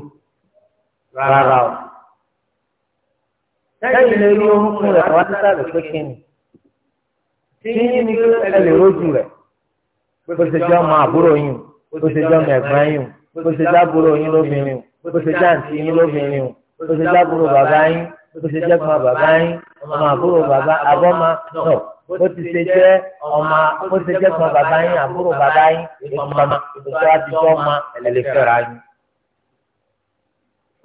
rárá o. Tẹ̀yìn lè rí orúkún rẹ̀ wá sísàlẹ̀ pé kí ni. Tí ni pé ẹ lè rójú rẹ̀. Bó ṣe jẹ́ ọmọ àbúrò yín, bó ṣe jẹ́ ọmọ ẹ̀gbọ́n yín, bó ṣe jẹ́ àbúrò yín lóbìnrin o bó ṣe já àǹtí yín lóbìnrin o bó ṣe já àbúrò bàbá yín bó ṣe jẹ́ ọmọ bàbá yín ọmọ àbúrò bàbá abọ́mọ náà bó ti ṣe jẹ́ ọmọ bó ṣe jẹ́ ọmọ bàbá yín àbúrò bàbá yín ìpamọ́ ìpèsè àti ìjọ́mọ ẹ̀lẹ́lẹ́ fẹ́ra yín.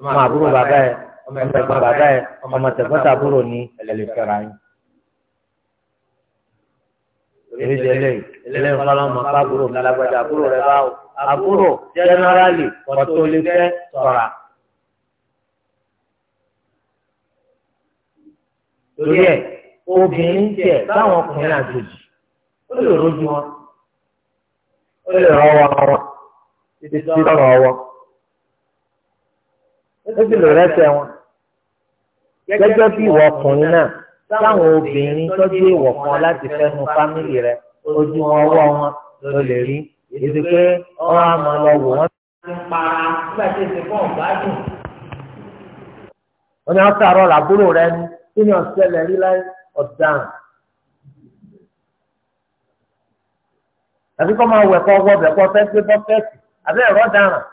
ọmọ àbúrò bàbá yẹ ọmọ ẹ̀gbọ́n bàbá yẹ ọmọ tẹ̀gbọ́tà àbúrò ní ẹ̀lẹ́lẹ́ fẹ́ra yín. èyí jẹ́ lẹ́yìn ẹlẹ́yìn fọlọ́mọ fábúrò mi lágbájá àbúrò rẹ báwo àbúrò jẹ́nẹ́rálì kọ̀tólẹ́fẹ́ ṣọ́ra. torí ẹ̀ obìnrin tiẹ̀ báwọn ọkùnrin àjòjì ó lè rojú wọn ó lè rọwọ́ wọn títí lọ́rọ̀ ọwọ́ ó sì lè rẹ́sẹ̀ wọn gẹ́gẹ́ bí ìwọ ọkùnrin náà táwọn obìnrin tọ́jú ìwọ̀ kan láti fẹ́nu fámìlì rẹ ojú wọn ọwọ́ wọn ló lè rí èdè pé ọ̀rọ̀ àmọ́ lọ wò wọ́n para nígbà tí èsì fún ọ̀gbádùn. wọ́n ní wọ́n sàrọ̀ làbúrò rẹ ní kí ni ọ̀sẹ̀lẹ̀ rí láì ọ̀dàn. àbí kọ́ máa wẹ̀ kọ́ ọwọ́ bẹ̀ kọ́ fẹ́ gbé bọ́kẹ́tì àbí ẹ̀rọ dáràn.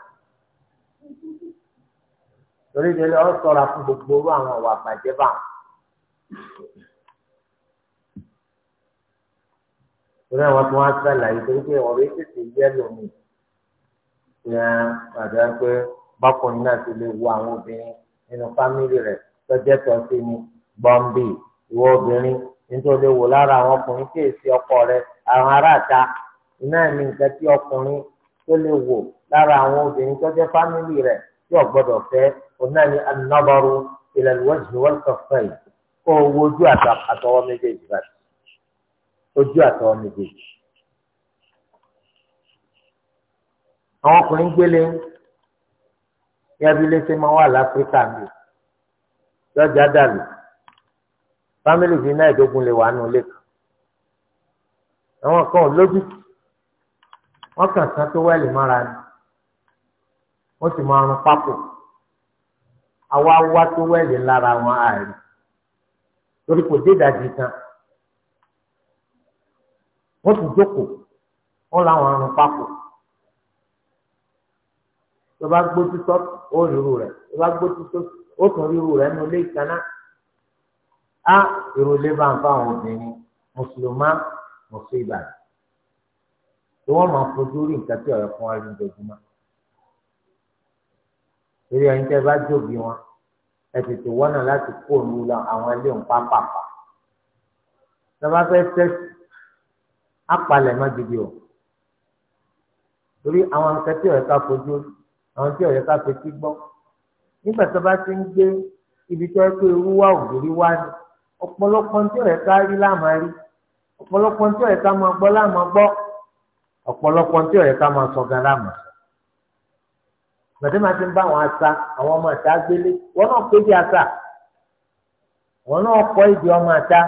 torí ìdílé ọ̀ fún gbogbo orú àwọn ọ̀wà àbàjẹ́ báwọn. torí àwọn tó wá sàlàyé torí pé ọ̀rọ̀ ètètè yẹ lómi ní àgbà pé bákùnrin náà ti lè wo àwọn obìnrin nínú fámìlì rẹ̀ tọ́jẹ́ tó sí ni gbọ́ǹbì ìwọ obìnrin nítorí wò lára àwọn ọkùnrin tí èsì ọkọ rẹ̀ àwọn aráàta iná ní nǹkan tí ọkùnrin tó lè wò lára àwọn obìnrin tọ́jẹ́ fámìlì rẹ̀ tí ò gbọ́dọ̀ fẹ́ oná ní anábọ́rú ìlẹ̀lúwẹ̀sì wọ́n kọ̀ fẹ́ yìí kó o wojú àtọwọ́ méjèèjì báyìí ojú àtọwọ́ méjèèjì. àwọn ọkùnrin gbélé yábílẹ̀ ṣe máa wà láfíríkà mi lọ́jà dàlù fámìlì bíi náà ìdógún lè wà nù lẹ́kọ̀ọ́ àwọn kan ò lójútì wọ́n kàn sán tó wẹ́ẹ̀lì mọ́ra ni wọ́n sì máa rún pápò àwa wá tó wẹ́ẹ̀lì lára wọn àárín torí kò dé ìdajì kan wọ́n ti jókòó wọ́n làwọn arun papò tó bá gbójú sọ ó rírú rẹ̀ tó bá gbójú sọ ó tún rírú rẹ̀ nínú ilé ìtaná á ìrọ̀lẹ́ bá ń fáwọn obìnrin mùsùlùmá mùsùlùmí ìbàdàn tí wọ́n máa fojú rí nǹkan tí ọ̀rẹ́ fún wa rí lójoojúmọ́ torí ẹni tẹ́ bá jòbí wọn ẹ tètè wọ́nà láti kó òru àwọn ilé òun pápá pa tó bá fẹ́ tẹ́sí apalẹ̀ má gidi o torí àwọn nǹkan tí ọ̀yẹ́ ká fojú àwọn tí ọ̀yẹ́ ká fetí gbọ́ nígbà tó bá ti ń gbé ibi tó yẹ pé irú wá ògiri wá ni ọ̀pọ̀lọpọ̀ tí ọ̀yẹ́ ká rí láàmà rí ọ̀pọ̀lọpọ̀ tí ọ̀yẹ́ ká máa gbọ́ láàmà gbọ́ ọ̀pọ̀lọpọ̀ tí ọ̀yẹ́ ká máa sọ gan láàmà sọ gbàdé máa ti ń bá àwọn asa àwọn ọmọ àta gbélé wọn náà pé bí asa wọn náà kọ́ ìdí ọmọ àta.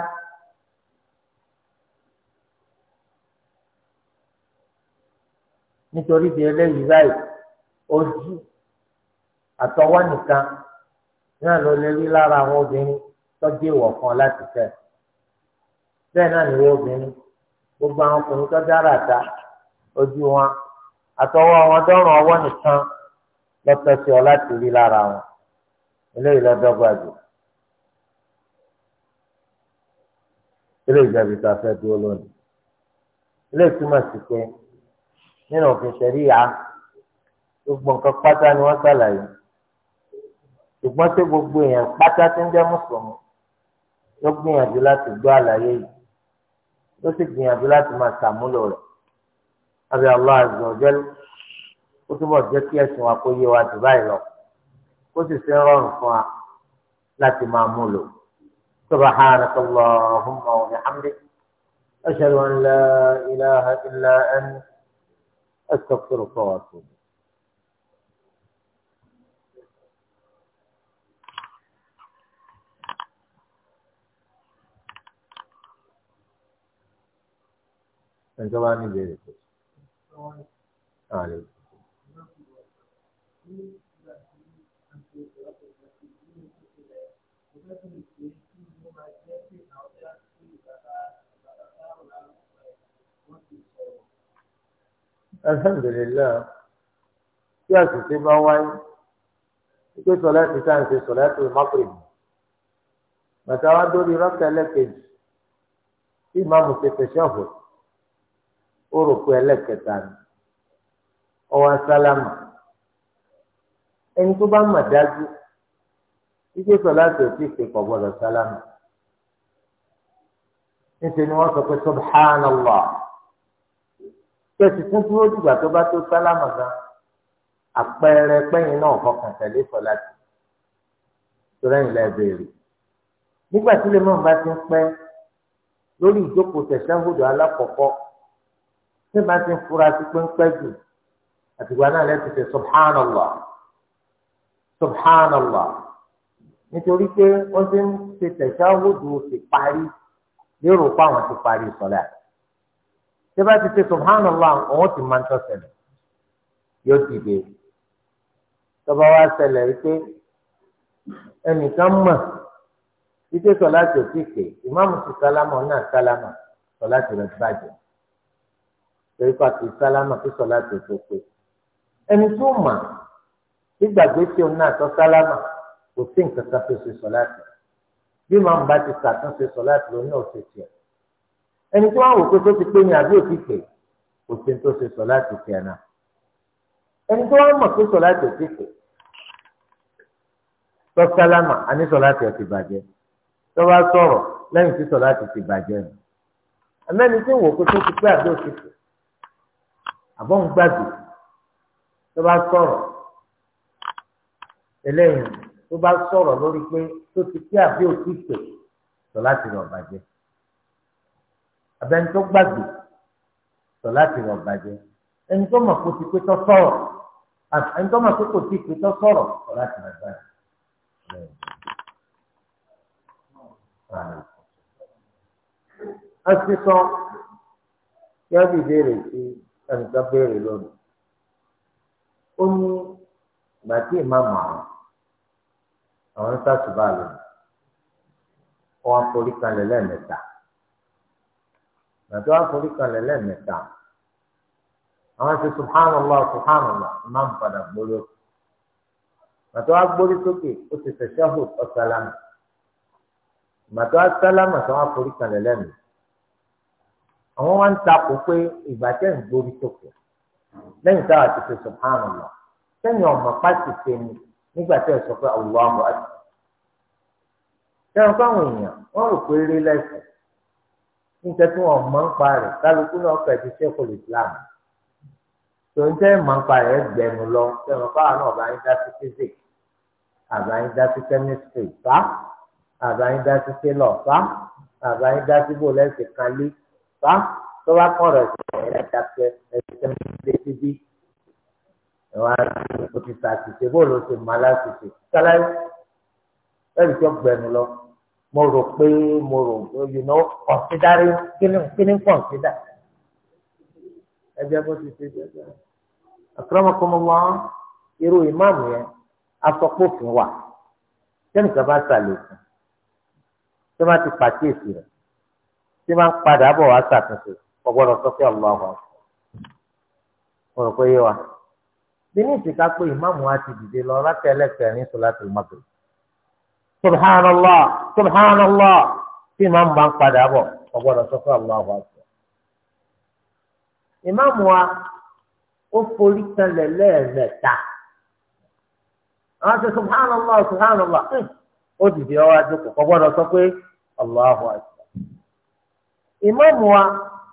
nítorí di eléyìí báyìí ojú àtọwọ́ nìkan náà ló lè rí lára àwọn obìnrin tọ́jú ìwọ̀ kan láti fẹ́ bẹ́ẹ̀ náà nìwé obìnrin gbogbo àwọn ọkùnrin tó dára ta ojú wọn àtọwọ́ wọn dọ́rùn ọwọ́ nìkan lọ́tọ́ sí ọ láti rí lára wọn eléyìí lọ́dọ́gba jù eléyìí jẹ́ tá a fẹ́ dúró lónìí eléyìí túmọ̀ sí pé nínú òfin ṣẹ̀ríyà gbogbo nǹkan pátá ni wọ́n ṣàlàyé ṣùgbọ́n tí gbogbo èèyàn pátá ti ń jẹ́ mùsùlùmí ló gbìyànjú láti gbọ́ àlàyé yìí ló sì gbìyànjú láti máa ṣàmúlò rẹ̀ àbí Allah azza wa ó túbọ̀ jẹ́ kí ẹ̀sìn wa kó yé wa jù báyìí lọ ó sì ṣe rọrùn fún wa láti máa mú lò subhanak Allahumma wa bihamdik ashhadu an la ilaha illa anta. أستغفرك وأتوب ẹni tó bá ní ìbéèrè tó ṣe. Thank you. alhamdulilayi tí àṣìṣe bá wáyé wípé sọlá ti tá à ń ṣe sọlá tó mákùrìmù bàtà wa dórí rákà ẹlẹ́kejì tí ìmáàmù ṣe tẹ̀síọ̀fù ó rò pé ẹlẹ́kẹta ni ọwọ́ sálámà ẹni tó bá mà dájú wípé sọlá tó ti ṣe kọ̀ gbọ́dọ̀ sálámà níṣẹ́ ni wọ́n sọ pé subhanallah kẹsì tún dúró dìgbà tó bá tó sálámà gan àpẹẹrẹ pẹ́yìn náà fọkàn tẹ̀lé sọlá tì sọlẹ́yìn lẹ́ẹ̀ béèrè nígbà tí lè mọ̀n bá ti ń pẹ́ lórí ìjókòó tẹ̀síáhùdù alákọ̀ọ́kọ́ tí bá ti ń fura sí pé ń pẹ́ jù àtìgbà náà lẹ́tọ̀ tẹ̀ subhanallah subhanallah nítorí pé wọ́n ti ń ṣe tẹ̀síáhùdù ti parí lérò pé àwọn ti parí sọlá tì tí bá ti ṣe subhanallah òun ti máa ń tọ́ ṣẹlẹ̀ yóò dìde tọ́ba wa ṣẹlẹ̀ wípé ẹnìkan mọ̀ títí sọlá tó ti pè ìmáàmù ti sálámà náà sálámà sọlá tó rẹ̀ bàjẹ́ torí pa ti sálámà tó sọlá tó tó pè ẹni tó mà nígbàgbé tí òun náà sálámà kò sí nǹkan kan tó ṣe sọlá tó bí màmú bá ti ṣàtúnṣe sọlá tó lónìí ò tiẹ̀ ẹni tí wọ́n wò pé tó ti pé ní àbí òtí pè kò sí tó ṣe sọ láti tẹ̀ náà ẹni tí wọ́n mọ̀ pé sọ láti òtí pè tọ́sálámà àní sọ láti ẹ̀ ti bàjẹ́ tọ́wá sọ̀rọ̀ lẹ́yìn tí sọ láti ti bàjẹ́ nù ẹ̀mẹ́ni tí ń wò pé tó ti pé àbí òtí pè àbọ̀ ń gbàgbé tó bá sọ̀rọ̀ eléyìí tó bá sọ̀rọ̀ lórí pé tó ti pé àbí òtí pè sọ láti lọ bàjẹ́ abẹ́ni tó gbàgbé sọ láti rọ̀ bàjẹ́ ẹni tó mọ̀ kó ti pé tó sọ̀rọ̀ ẹni tó mọ̀ pé kò ti pé tó sọ̀rọ̀ sọ láti rọ̀ bàjẹ́. a ti sọ kí á bì béèrè sí ẹnìkan béèrè lónìí ó ní ìgbà tí ìmáàmù àwọn àwọn ń sàtúbà lónìí wọn forí kalẹ̀ lẹ́ẹ̀mẹ́ta gbàtọ́ àforí kalẹ̀ lẹ́ẹ̀mẹ́ta àwọn ti subhanallah subhanallah máa ń padà gbórí òkè gbàtọ́ agbórí sókè ó ti fẹsẹ̀ hù ọ̀sálámù gbàtọ́ asálámù àtàwọn àforí kalẹ̀ lẹ́ẹ̀mẹ́ àwọn wá ń takò pé ìgbà tẹ̀ ń gbórí sókè lẹ́yìn táwa ti fi subhanallah sẹ́yìn ọ̀mọ̀ pàṣẹ tẹ̀mí nígbà tẹ̀ sọ pé Allahu akbar sẹ́yìn fáwọn èèyàn wọ́n rò pé eré lẹ́sìn níṣẹ́ tí wọ́n mọ̀ ń pa rẹ̀ kálukú náà pẹ̀lú sẹ́kùlù Islam tòun tẹ́ mọ̀ ń pa rẹ̀ gbẹ̀mú lọ sẹ́nu fáwọn náà bá yín dá sí physics àbá yín dá sí chemistry fa àbá yín dá sí tailor fa àbá yín dá sí bò lẹ́sìn kan lé fa tó bá kọ̀ rẹ̀ sí ẹ̀rẹ́ dákẹ́ ẹ̀sìn chemistry síbí ẹ̀wọ̀n àti òtítà àti ṣe bó ló ṣe mọ̀ aláṣẹ ṣe kálá ẹ̀rí tó gbẹ̀mú lọ mo rò pé mo rò you know considering kíni kíni consider ẹjẹ bó ti ṣe jẹjẹ àkàràmọkọmọmọ irú ìmáàmù yẹn asọpọ̀fin wà sẹ́nìkan bá ṣàlékún tí wọ́n ti pàkíyèsí rẹ̀ tí wọ́n padà bọ̀ wá ṣàtúnṣe ọgbọ́dọ̀ sọ pé ọlọ́wọ́ àwọn mo rò pé yé wa bí ní ìsìnká pé ìmáàmù wa ti dìde lọ látẹ̀lẹ́kẹ̀rin sọ láti mọ̀gbìn. subhanallah subhanallah tí ìmáàmù bá ń padà bọ̀ ọgbọ́dọ̀ sọ fún àwọn àwọn ìmáàmù wa ó forí kanlẹ̀ lẹ́ẹ̀mẹ́ta àti subhanallah subhanallah ó dìde ọwọ́ àdókò ọgbọ́dọ̀ sọ pé allahu ìmáàmù wa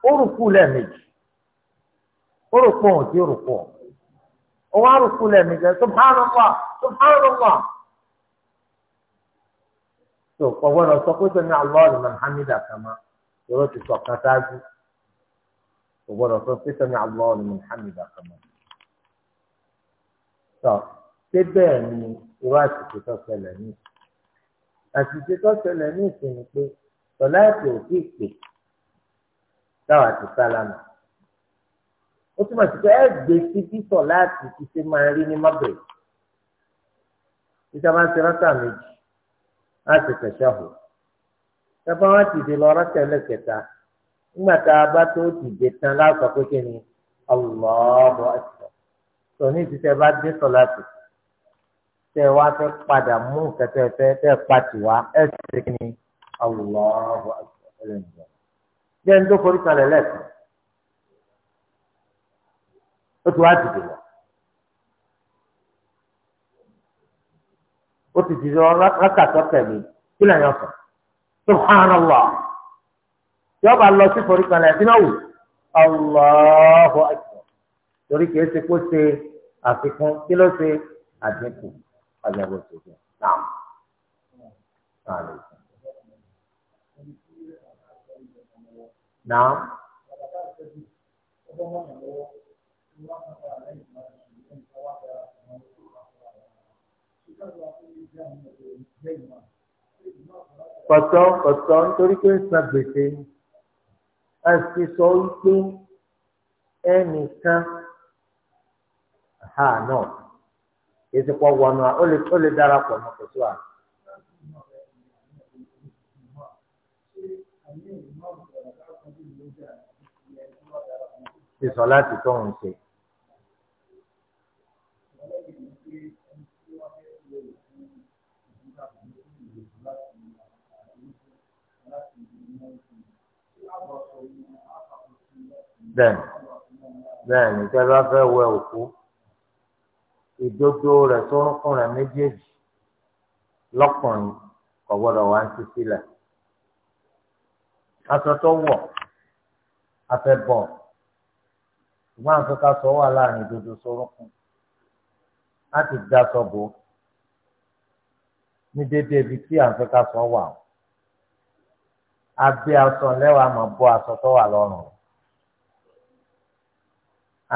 ó rùkú lẹ́ẹ̀mejì ó rùkú rùkú ó wá rùkú lẹ́ẹ̀mejì tó ọgbọ́dọ̀ sọ pé sẹ́ni alọ́ọ̀lù náà hamida kama yọrọ ti sọ kan ṣáájú ọgbọ́dọ̀ sọ pé sẹ́ni alọ́ọ̀lù náà hamida kama. tó ṣé bẹ́ẹ̀ ni irú àṣìṣe tó ṣẹlẹ̀ ní àṣìṣe tó ṣẹlẹ̀ ní ìsinmi pé tọ́lá ètò òkè ìpè táwa ti sálámà ó túmọ̀ sí pé ẹ gbé sí bísọ̀ láti ti ṣe máa rí ní mọ́bẹ̀rẹ̀ ìjọba ti rántà méjì á sì tẹ̀sẹ̀ hù tẹ́fọ́n wá ti di lọ́rọ́ tẹ̀lé kẹta nígbà tá a bá tó dìde tán láàpọ̀ pé kí ni Allahu Akbar tó ní ti tẹ́ bá dé sọ̀lá tó tẹ́ wá fẹ́ padà mú kẹtẹ́ fẹ́ tẹ́ pàtì wá ẹ̀ kí ni Allahu Akbar ẹlẹ́nìyàn. jẹ́ ń dókòrí kan lẹ́lẹ́kan ó ti wá dìde lọ. ó ti ti sọ rákàtọ́ tẹ̀lé kí lẹ́yìn ọ̀sán subhanallah tí ọba lọ sí foríkalẹ̀ ẹ̀sìn náà wò allahu akbar torí kìí ṣe kó ṣe àfikún kí ló ṣe àdínkù àyẹ̀wò ṣèṣe náà. Now, Thank kọ̀tọ́ kọ̀tọ́ nítorí pé ń san gbèsè ni a sì sọ wípé ẹnìkan ha náà èsì pọ̀ wọnú a ó lè ó lè darapọ̀ mọ́ kòtò à. sísọ láti tọ́hún ṣe. bẹ́ẹ̀ni bẹ́ẹ̀ni tẹ bá fẹ́ wẹ òkú ìdodo rẹ̀ sórúnkún rẹ̀ méjèèjì lọ́kùnrin kò gbọ́dọ̀ wá ń títí lẹ̀ aṣọ tó wọ̀ afẹ́ bọ̀ ṣùgbọ́n àfikà sọ wà láàrin ìdodo sórúnkún láti daṣọ bò ní dédé ibi tí àfikà sọ wà o abẹ́ aṣọ lẹ́wàá máa bọ́ aṣọ tó wà lọ́rùn rẹ̀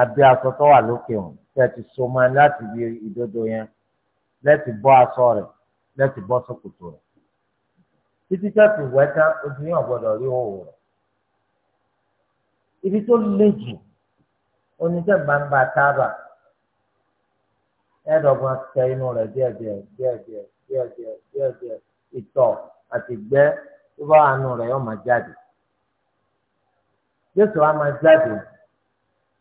abẹ́ aṣọ tó wà lókè òun tẹ́ ti so máa láti bí ìdodo yẹn lẹ́tì bọ́ aṣọ rẹ̀ lẹ́tì bọ́ ṣòkòtò rẹ̀ títí tẹ́tù wẹ́ tán ojú yẹn gbọ́dọ̀ rí òwò rẹ̀ ibi tó le jù oníjàmbá ń ba tábà ẹ̀ẹ́dọ̀gbọ́n tẹ inú rẹ̀ díẹ̀díẹ̀ díẹ̀díẹ̀ díẹ̀díẹ̀ díẹ̀díẹ̀ ìtọ̀ àtìgbẹ́ tó bá wà nù rẹ̀ yóò máa jáde yóò sọ wá máa jáde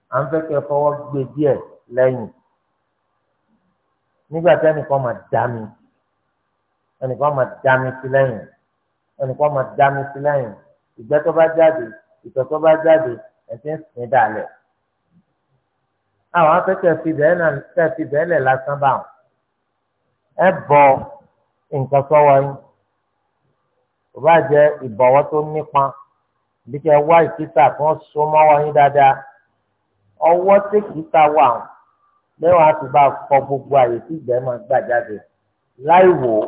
à ń fẹ́ kẹ́ fọwọ́ gbé díẹ̀ lẹ́yìn nígbà tí ẹnìkan máa dá mi ẹnìkan máa dá mi sí lẹ́yìn ẹnìkan máa dá mi sí lẹ́yìn ìgbẹ́ tó bá jáde ìtọ̀ tó bá jáde ẹ̀sìn sìn dàlẹ̀ àwọn afẹ́kẹ́ fi bẹ́ẹ̀ náà kẹ́ fi bẹ́ẹ̀ lẹ̀ lásán báwọn ẹ bọ nǹkan sọ́wọ́ yín kò bá jẹ́ ìbọ̀wọ́ tó nípọn bí kẹ́ wá ìkíta kan so mọ́wọ́ yín dáadáa ọwọ́ tí kìíta wà lẹ́wọ̀n á ti bá fọ gbogbo àyè tí ìgbẹ́ máa gbà jáde láì wò ó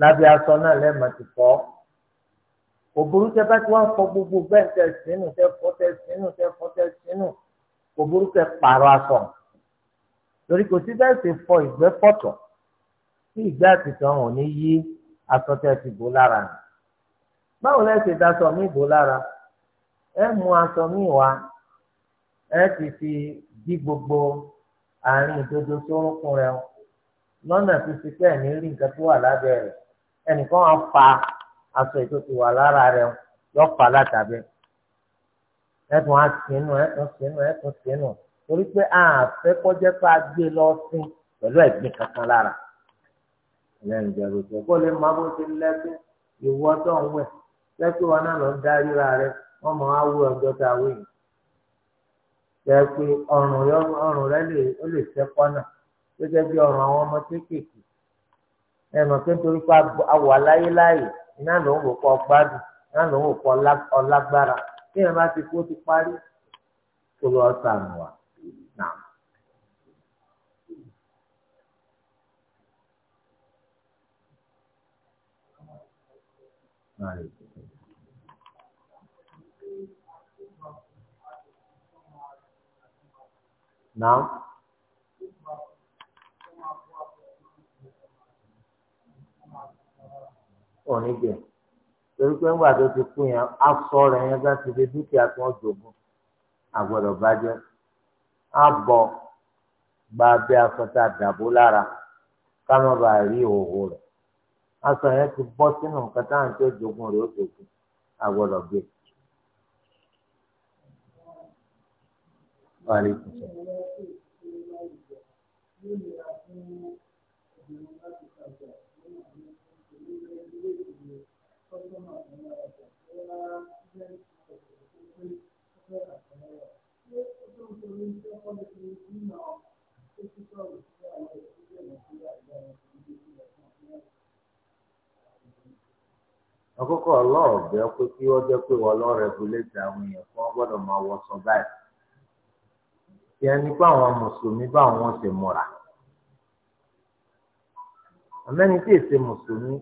lábẹ́ aṣọ náà lẹ́ẹ̀ma ti fọ́ òbúrú tẹ bá ti wá fọ gbogbo bẹ́ẹ̀ tẹ sínú tẹ fọ tẹ sínú tẹ fọ tẹ sínú òbúrú tẹ pààrọ̀ aṣọ torí kò sí bẹ́ẹ̀ ṣe fọ ìgbẹ́ fọ̀tọ̀ tí ìgbẹ́ àtìtàn ò ní yí asọtẹ ti bò lára nù báwo lẹ ṣe daṣọ mi bò lára ẹ mú aṣọ mi wá ẹ ti fi dí gbogbo àárín ìdodo sórúnkún rẹ lọ́nà fífi pé ẹ̀ ní rí nǹkan tó wà lábẹ́ rẹ̀ ẹnìkan á fa aṣọ ètò ti wà lára rẹ yọ fa látàbẹ ẹ tún á sínú ẹ tún sínú ẹ tún sínú torí pé àfẹ́kọ́jẹ́ fà gbé lọ sí pẹ̀lú ẹ̀gbin kankan lára. lẹ́yìn ìjọba ìṣẹ́ kó lè máa bó ṣe lẹ́sìn ìwọ tó ń wẹ̀ lẹ́sìn wọn náà lọ ń rẹ wọ́n mọ̀ á ọjọ́ tá a wé yìí. Jẹ́ pé ọrùn rẹ ó lè ṣẹ́ kọ́nà gẹ́gẹ́ bí ọrùn àwọn ọmọ kéékèèké. Ẹ mọ̀ pé nítorí pé awọ iná ló ń wò kọ́ gbádùn iná ló ń wò Now. Òní jẹ torí pé ńgbà tó ti kú yẹn aṣọ rẹ̀ yẹn bá ti di dúkìá tó ń jogún àgbọ̀dọ̀ bàjẹ́ àbọ̀ gba abẹ́ aṣọ tá a dàbò lára ká má bàa rí òwò rẹ̀ aṣọ yẹn ti bọ́ sínú nǹkan táwọn tí ó jogun rẹ̀ ó tòkù àgbọ̀dọ̀ gbé. Thank you. àkọ́kọ́ ọlọ́ọ̀bẹ pé kí wọ́n jẹ́ pé wọ́n lọ rẹ́gúlétì àwọn èèyàn fún wọn gbọ́dọ̀ máa wọ sọ báyìí kí ẹni pé àwọn mùsùlùmí bá wọn ṣe múra àmẹ́ni tí èsè mùsùlùmí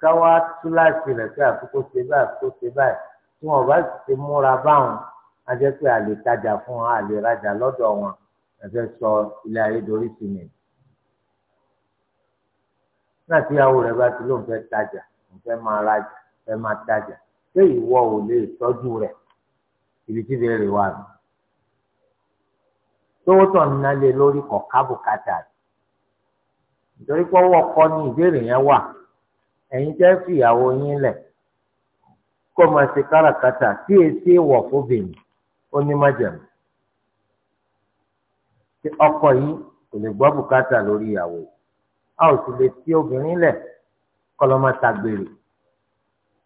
káwá túláàsì rẹ̀ pé àfikún ṣe báyìí àfikún ṣe báyìí tí wọn bá ṣe múra báwọn a jẹ́ pé àlè tajà fún wọn àlè rajà lọ́dọ̀ wọn ẹ̀fẹ́ sọ ilé ayé dorí sí mi. náà tíyàwó rẹ̀ bá ti lóun fẹ́ tajà. fẹ́ máa rajà fẹ́ máa tajà ṣé ìwọ ò lè tọ́jú rẹ̀ ibi tí bẹ́ẹ̀ wà lórí kọ̀ọ̀ká bùkátà nítorí pé ọwọ́ ọkọ ni ìbéèrè yẹn wà ẹ̀yin jẹ́ fìyàwó yín lẹ̀ kó máa ṣe káràkátà tí èsì wọ̀ fóbìnrin ó ní yìí kò lè gbọ́ bùkátà lórí ìyàwó a kọlọ́mọ tàgbèrè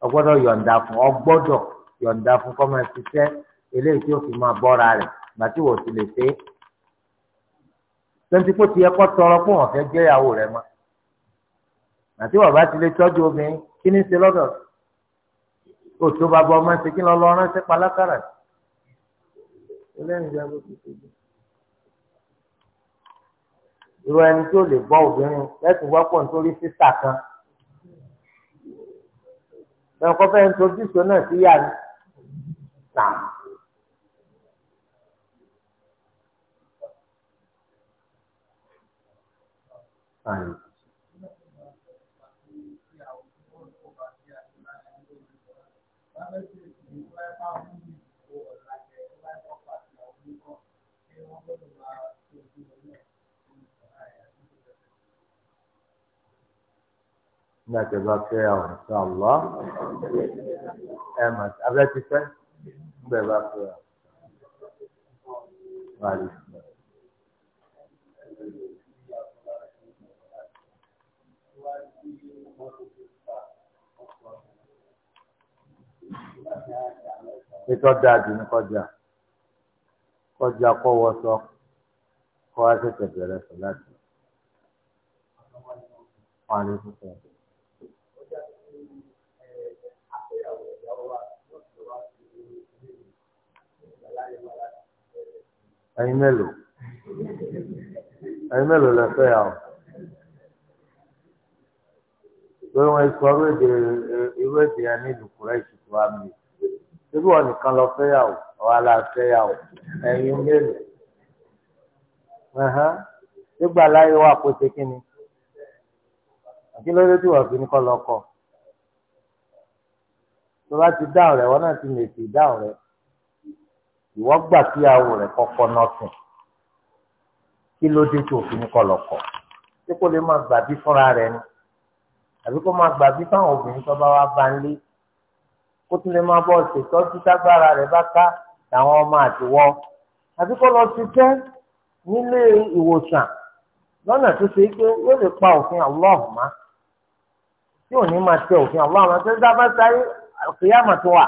ọgbọ́dọ̀ yọ̀ǹda fún ọgbọ́dọ̀ yọ̀ǹda fún kọ́mọ ṣiṣẹ́ eléyìí tí ó fi máa bọ́ra rẹ̀ gbàtí wò sí lè ṣe é tonti kó tiẹ̀ kọ́ tọrọ fún ọ̀fẹ́ gbéyàwó rẹ̀ mọ́ àti bàbá ti lè tọ́jú obìnrin kí ní ṣe lọ́dọ̀ òtún bàbá ọmọ ṣe kí lọ lọ ránṣẹ́ palákàrà ẹlẹ́yìn ìjà gbogbo ṣojú irú ẹni tí ó lè bọ́ obìnrin lẹ́sìn wọ́pọ̀ nítorí sísà kan ẹ̀rọ kọ́fẹ́ ń tojú ìṣó náà sí yá ni. Thank you. nígbà tí ẹ bá fẹ́ àwọn ìṣọ́ àlọ́ ẹ mà abẹ́ ti fẹ́ nígbà ẹ bá fẹ́ àwọn ìṣọ́ ní kọjá. Kọjá kọ́ wọ́sọ. Kọ́ wá ṣẹ̀ṣẹ̀ bẹ̀rẹ̀ sọ láti. Wọ́n á lè fún sọ̀rọ̀. ẹ̀yin mélòó ẹ̀yin mélòó lẹ fẹ́ yàwó lórí wọn sọ irú èdè irú èdè yẹn ní ìlú kúrẹ́ ìṣùkú wa mi irú wọn nìkan lọ fẹ́ yàwó ọ̀hún aláfẹ́ yàwó ẹ̀yin mélòó nígbà láyé wà kó ṣe kí ni kí ló dé tí wọ́n fi ní kọ́ lọ́kọ̀ tó bá ti dáhùn rẹ̀ wọ́n náà ti lè fi dáhùn rẹ̀ ìwọ gbà kí àwọn rẹ̀ kọ́kọ́ nọ́ọ̀sìn kí ló dé tó fi ní kọlọ̀kọ̀ ṣé kó lè máa gbà bí fúnra rẹ̀ ni àbí kó máa gbà bí fáwọn obìnrin tó bá wá bá ń lé kó tún lè máa bọ́ ṣètọ́jú tágbára rẹ̀ bá ká làwọn ọmọ àtiwọ́ àbí kó lọ ṣiṣẹ́ nílé ìwòsàn lọ́nà tó ṣe pé yóò lè pa òfin Ọlọ́hun mọ́ tí ò ní máa tẹ òfin Ọlọ́hun mọ́ tó dábàá sáyé àkúyàmọ̀ tó wà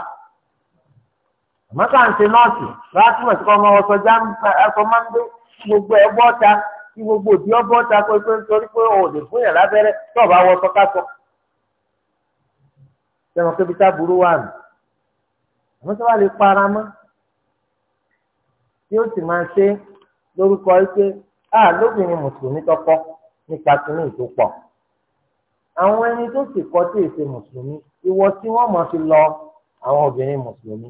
mọ́kàntì nọ́ọ̀sì látìmọ̀ sí kọ́ ọmọ ọ̀sọ̀ jáǹbá ẹ̀sọ́ máńdé gbogbo ẹ̀ bọ́ta kí gbogbo òdì ọ̀bọ́ta pé pé nítorí pé o ò lè fún yàn lábẹ́rẹ́ tó o bá wọ ọsọ kásọ. sẹ́wọ̀n kébi tá burú wà nù àwọn tó wà lè para mọ́ tí ó sì máa ṣe lórúkọ wípé a lóbìnrin mùsùlùmí tọkọ nípa kínní ìtòpọ̀ àwọn ẹni tó sì kọ́ tí èsè mùsùlùmí ìwọ tí wọ́n mọ̀ fi lọ àwọn obìnrin mùsùlùmí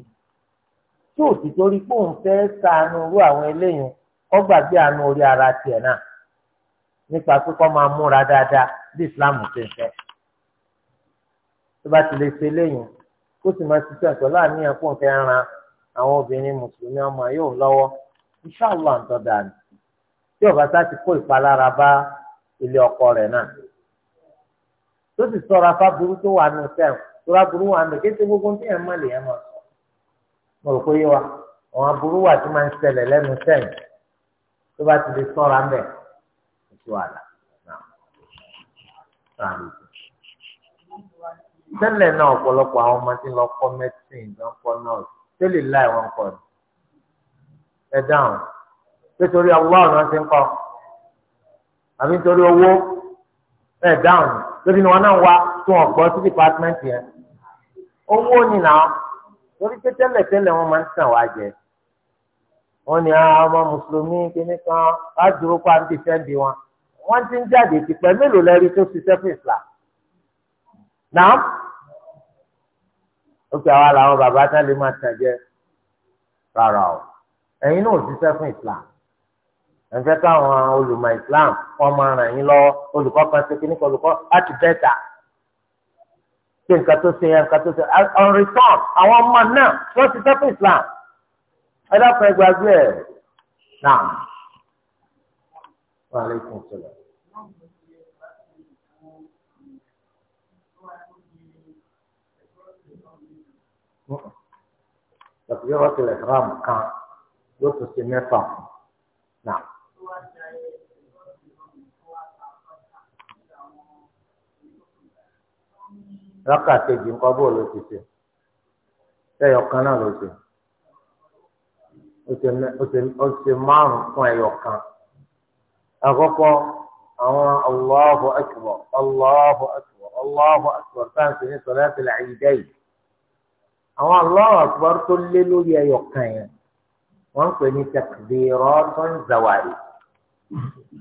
tí ò sì torí pé òun fẹ́ sànù irú àwọn eléyìí kọ́ gbàgbé àánú orí ara tiẹ̀ náà nípa pé kọ́ máa múra dáadáa bí Islam ṣe ń fẹ́ tó bá ti lè ṣe eléyìí kó sì máa ran àwọn obìnrin mùsùlùmí ọmọ yóò lọ́wọ́ tí ti kó ìpalára bá ilé ọkọ rẹ̀ náà tó sì tó wà sẹ́wọ̀n burú wà kété ní ẹ̀ mo rò pé yé wa àwọn aburú wà tí máa ń ṣẹlẹ̀ lẹ́nu sẹ́yìn tó bá ti lè sọ́ra ń bẹ̀ ètò àlà tẹ́lẹ̀ náà ọ̀pọ̀lọpọ̀ àwọn ọmọ tí ń lọ kọ́ mẹ́tìrì ló ń kọ́ nọ́ọ̀sì tó lè láì wọn kọ́ ni ẹ dáhùn nítorí ọlọ́run náà ti ń kọ́ àbí nítorí owó ẹ dáhùn lórí ni wọn náà wá tí wọn gbọ́ sí dìpátímẹ́ǹtì yẹn owó nìyà torí pé tẹ́lẹ̀tẹ́lẹ̀ wọ́n máa ń tàn wá jẹ wọ́n ní ah, ọmọ mùsùlùmí kíní kan á dúró pa ní ìfẹ́ǹdì wọn wọ́n ti ń jáde tìpẹ́ mélòó lẹ́rí tó ṣiṣẹ́ fún ìsìlá náà ó pè àwa làwọn bàbá tá lè máa tàn jẹ rárá o ẹ̀yin náà ò ṣiṣẹ́ fún ìsìlá ẹ̀ ń fẹ́ káwọn olùmọ̀ ìsìlám kọ́ máa ràn yín lọ́wọ́ olùkọ́ kan ṣe kíní kan olùkọ́ láti bẹ́ẹ̀ ta pé nǹkan tó ṣe nǹkan tó ṣe on return àwọn ọmọ náà wọ́n ti tẹ́kù Islam ẹ dákun ẹgbàgbé ẹ̀ náà. Wàhálẹ́kùn sọ̀rọ̀. Tàbí yọ̀rọ̀ tilẹ̀ ram kan yóò tún ṣe mẹ́fà náà. rákà kejì ńkọ́ bó ló ti ṣe ẹyọ kan náà ló ṣe ó ṣe márùn fún ẹyọ kan àkọ́kọ́ àwọn Allahu akbar Allahu akbar Allahu akbar táǹsì ní sọláàtì làyídá yìí àwọn Allahu akbar tó lé lórí ẹyọ yẹn wọ́n ń pè ní takbiratun zawari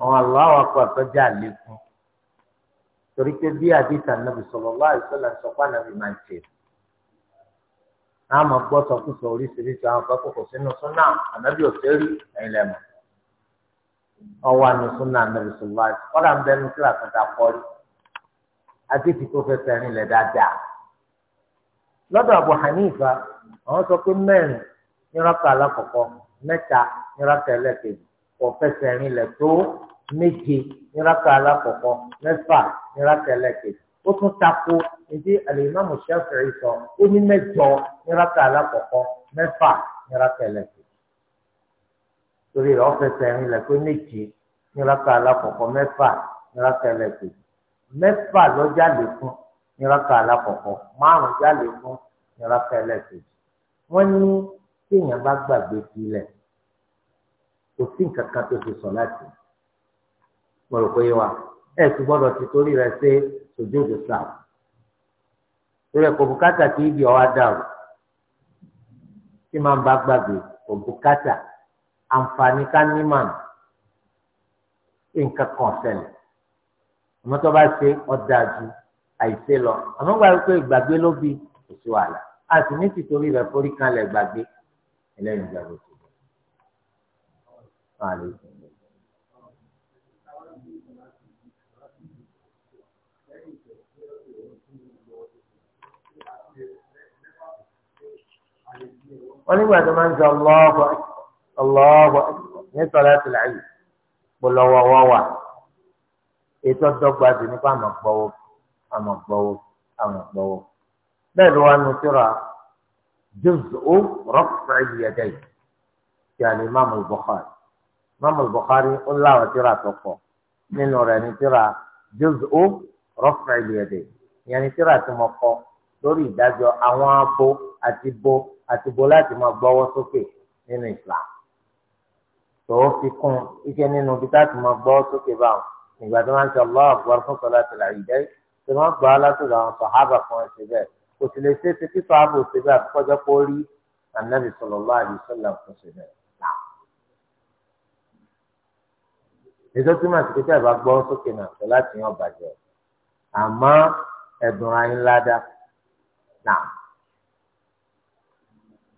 àwọn Allahu akbar tó jẹ́ àlékún torí pé bí àdìsá nàbì sallallahu alaihi wasallam sọ pé ànàbì máa ń ṣe àmọ́ gbọ́ sọkúsọ oríṣiríṣi àwọn kan kòkò sínú súnà ànàbì òṣèré ẹ̀yìn lẹ́mọ̀ ọwọ́ àná súnà ànàbì sallallahu alaihi wasallam kọ́lá ń bẹnu kíra kọjá pọ́lì àdìsí tó fẹ́ fẹ́rin lẹ̀ dáadáa lọ́dọ̀ Abu Hanifa àwọn sọ pé mẹ́rin nírọ́kà alákọ̀ọ́kọ́ mẹ́ta nírọ́kà ẹlẹ́kejì kò fẹ́ fẹ́rin lẹ̀ tó méje ní rákà alákọ̀ọ́kọ́ mẹ́fà ní rákà ẹlẹ́kejì ó tún tako ẹdí alimami Shafi'i sọ ó ní mẹ́jọ ní rákà alákọ̀ọ́kọ́ mẹ́fà ní rákà ẹlẹ́kejì torí rẹ̀ ọ́fẹsẹ̀ ń lẹ̀ pé méje ní rákà alákọ̀ọ́kọ́ mẹ́fà ní rákà ẹlẹ́kejì mẹ́fà lọ́jà lè fún ní rákà alákọ̀ọ́kọ́ márùn já lè fún ní rákà wọ́n ní téèyàn bá gbàgbé sílẹ̀ kò sí tó ti sọ láti mo rò pé yé wa ẹ sì gbọ́dọ̀ ti torí rẹ̀ ṣe sojúdù sáà torí ẹ kò bùkátà kí ibi ọwá o tí máa ń bá gbàgbé kò bùkátà àǹfààní ká ní màmá nǹkan kan ṣẹlẹ̀ àmọ́ tó bá ṣe ọ̀dà ju àìṣe lọ àmọ́ gba pé ìgbàgbé ló bí èso àlà a sì ní tìtorí rẹ̀ forí kanlẹ̀ gbàgbé ẹlẹ́yìn ìgbàgbé tó bọ̀. wọ́n nígbà tó máa ń sọ Allahu Akbar Allahu Akbar ní salatul Eid polówó wọ́wà ètò ọ̀dọ́gba sí nípa àmọ̀ gbọ́wọ́ àmọ̀ gbọ́wọ́ àmọ̀ gbọ́wọ́ bẹ́ẹ̀ ló wá nu síra juz'u raf'il yadayn ti àlè Imam al-Bukhari Imam al-Bukhari ó láwọn síra tó pọ̀ nínú rẹ̀ ní síra juz'u raf'il yadayn ìyẹn ní síra tó mọ̀ kọ́ lórí ìdájọ́ àwọn abo àti bo àti bó láti máa gbọ́wọ́ sókè nínú Islam tòun fi kún iṣẹ́ nínú bí táàtì máa gbọ́wọ́ sókè báwọn nígbà tí wọ́n ń ṣe Allahu Akbar fún sọlá tìlà ìdẹ́ tí wọ́n gbọ́ alásòdò àwọn sọ̀hábà kan ṣe bẹ́ẹ̀ kò sì lè ṣe é ṣe kí sọ̀hábà ṣe bẹ́ẹ̀ àtikọ́jọ́ kó rí Ànábì sallallahu alaihi wasallam kan ṣe bẹ́ẹ̀. èso túmọ̀ sí kékeré bá gbọ́ sókè náà sọ láti yan bàjẹ́ àmọ́ ẹ̀dùn ayínládá náà.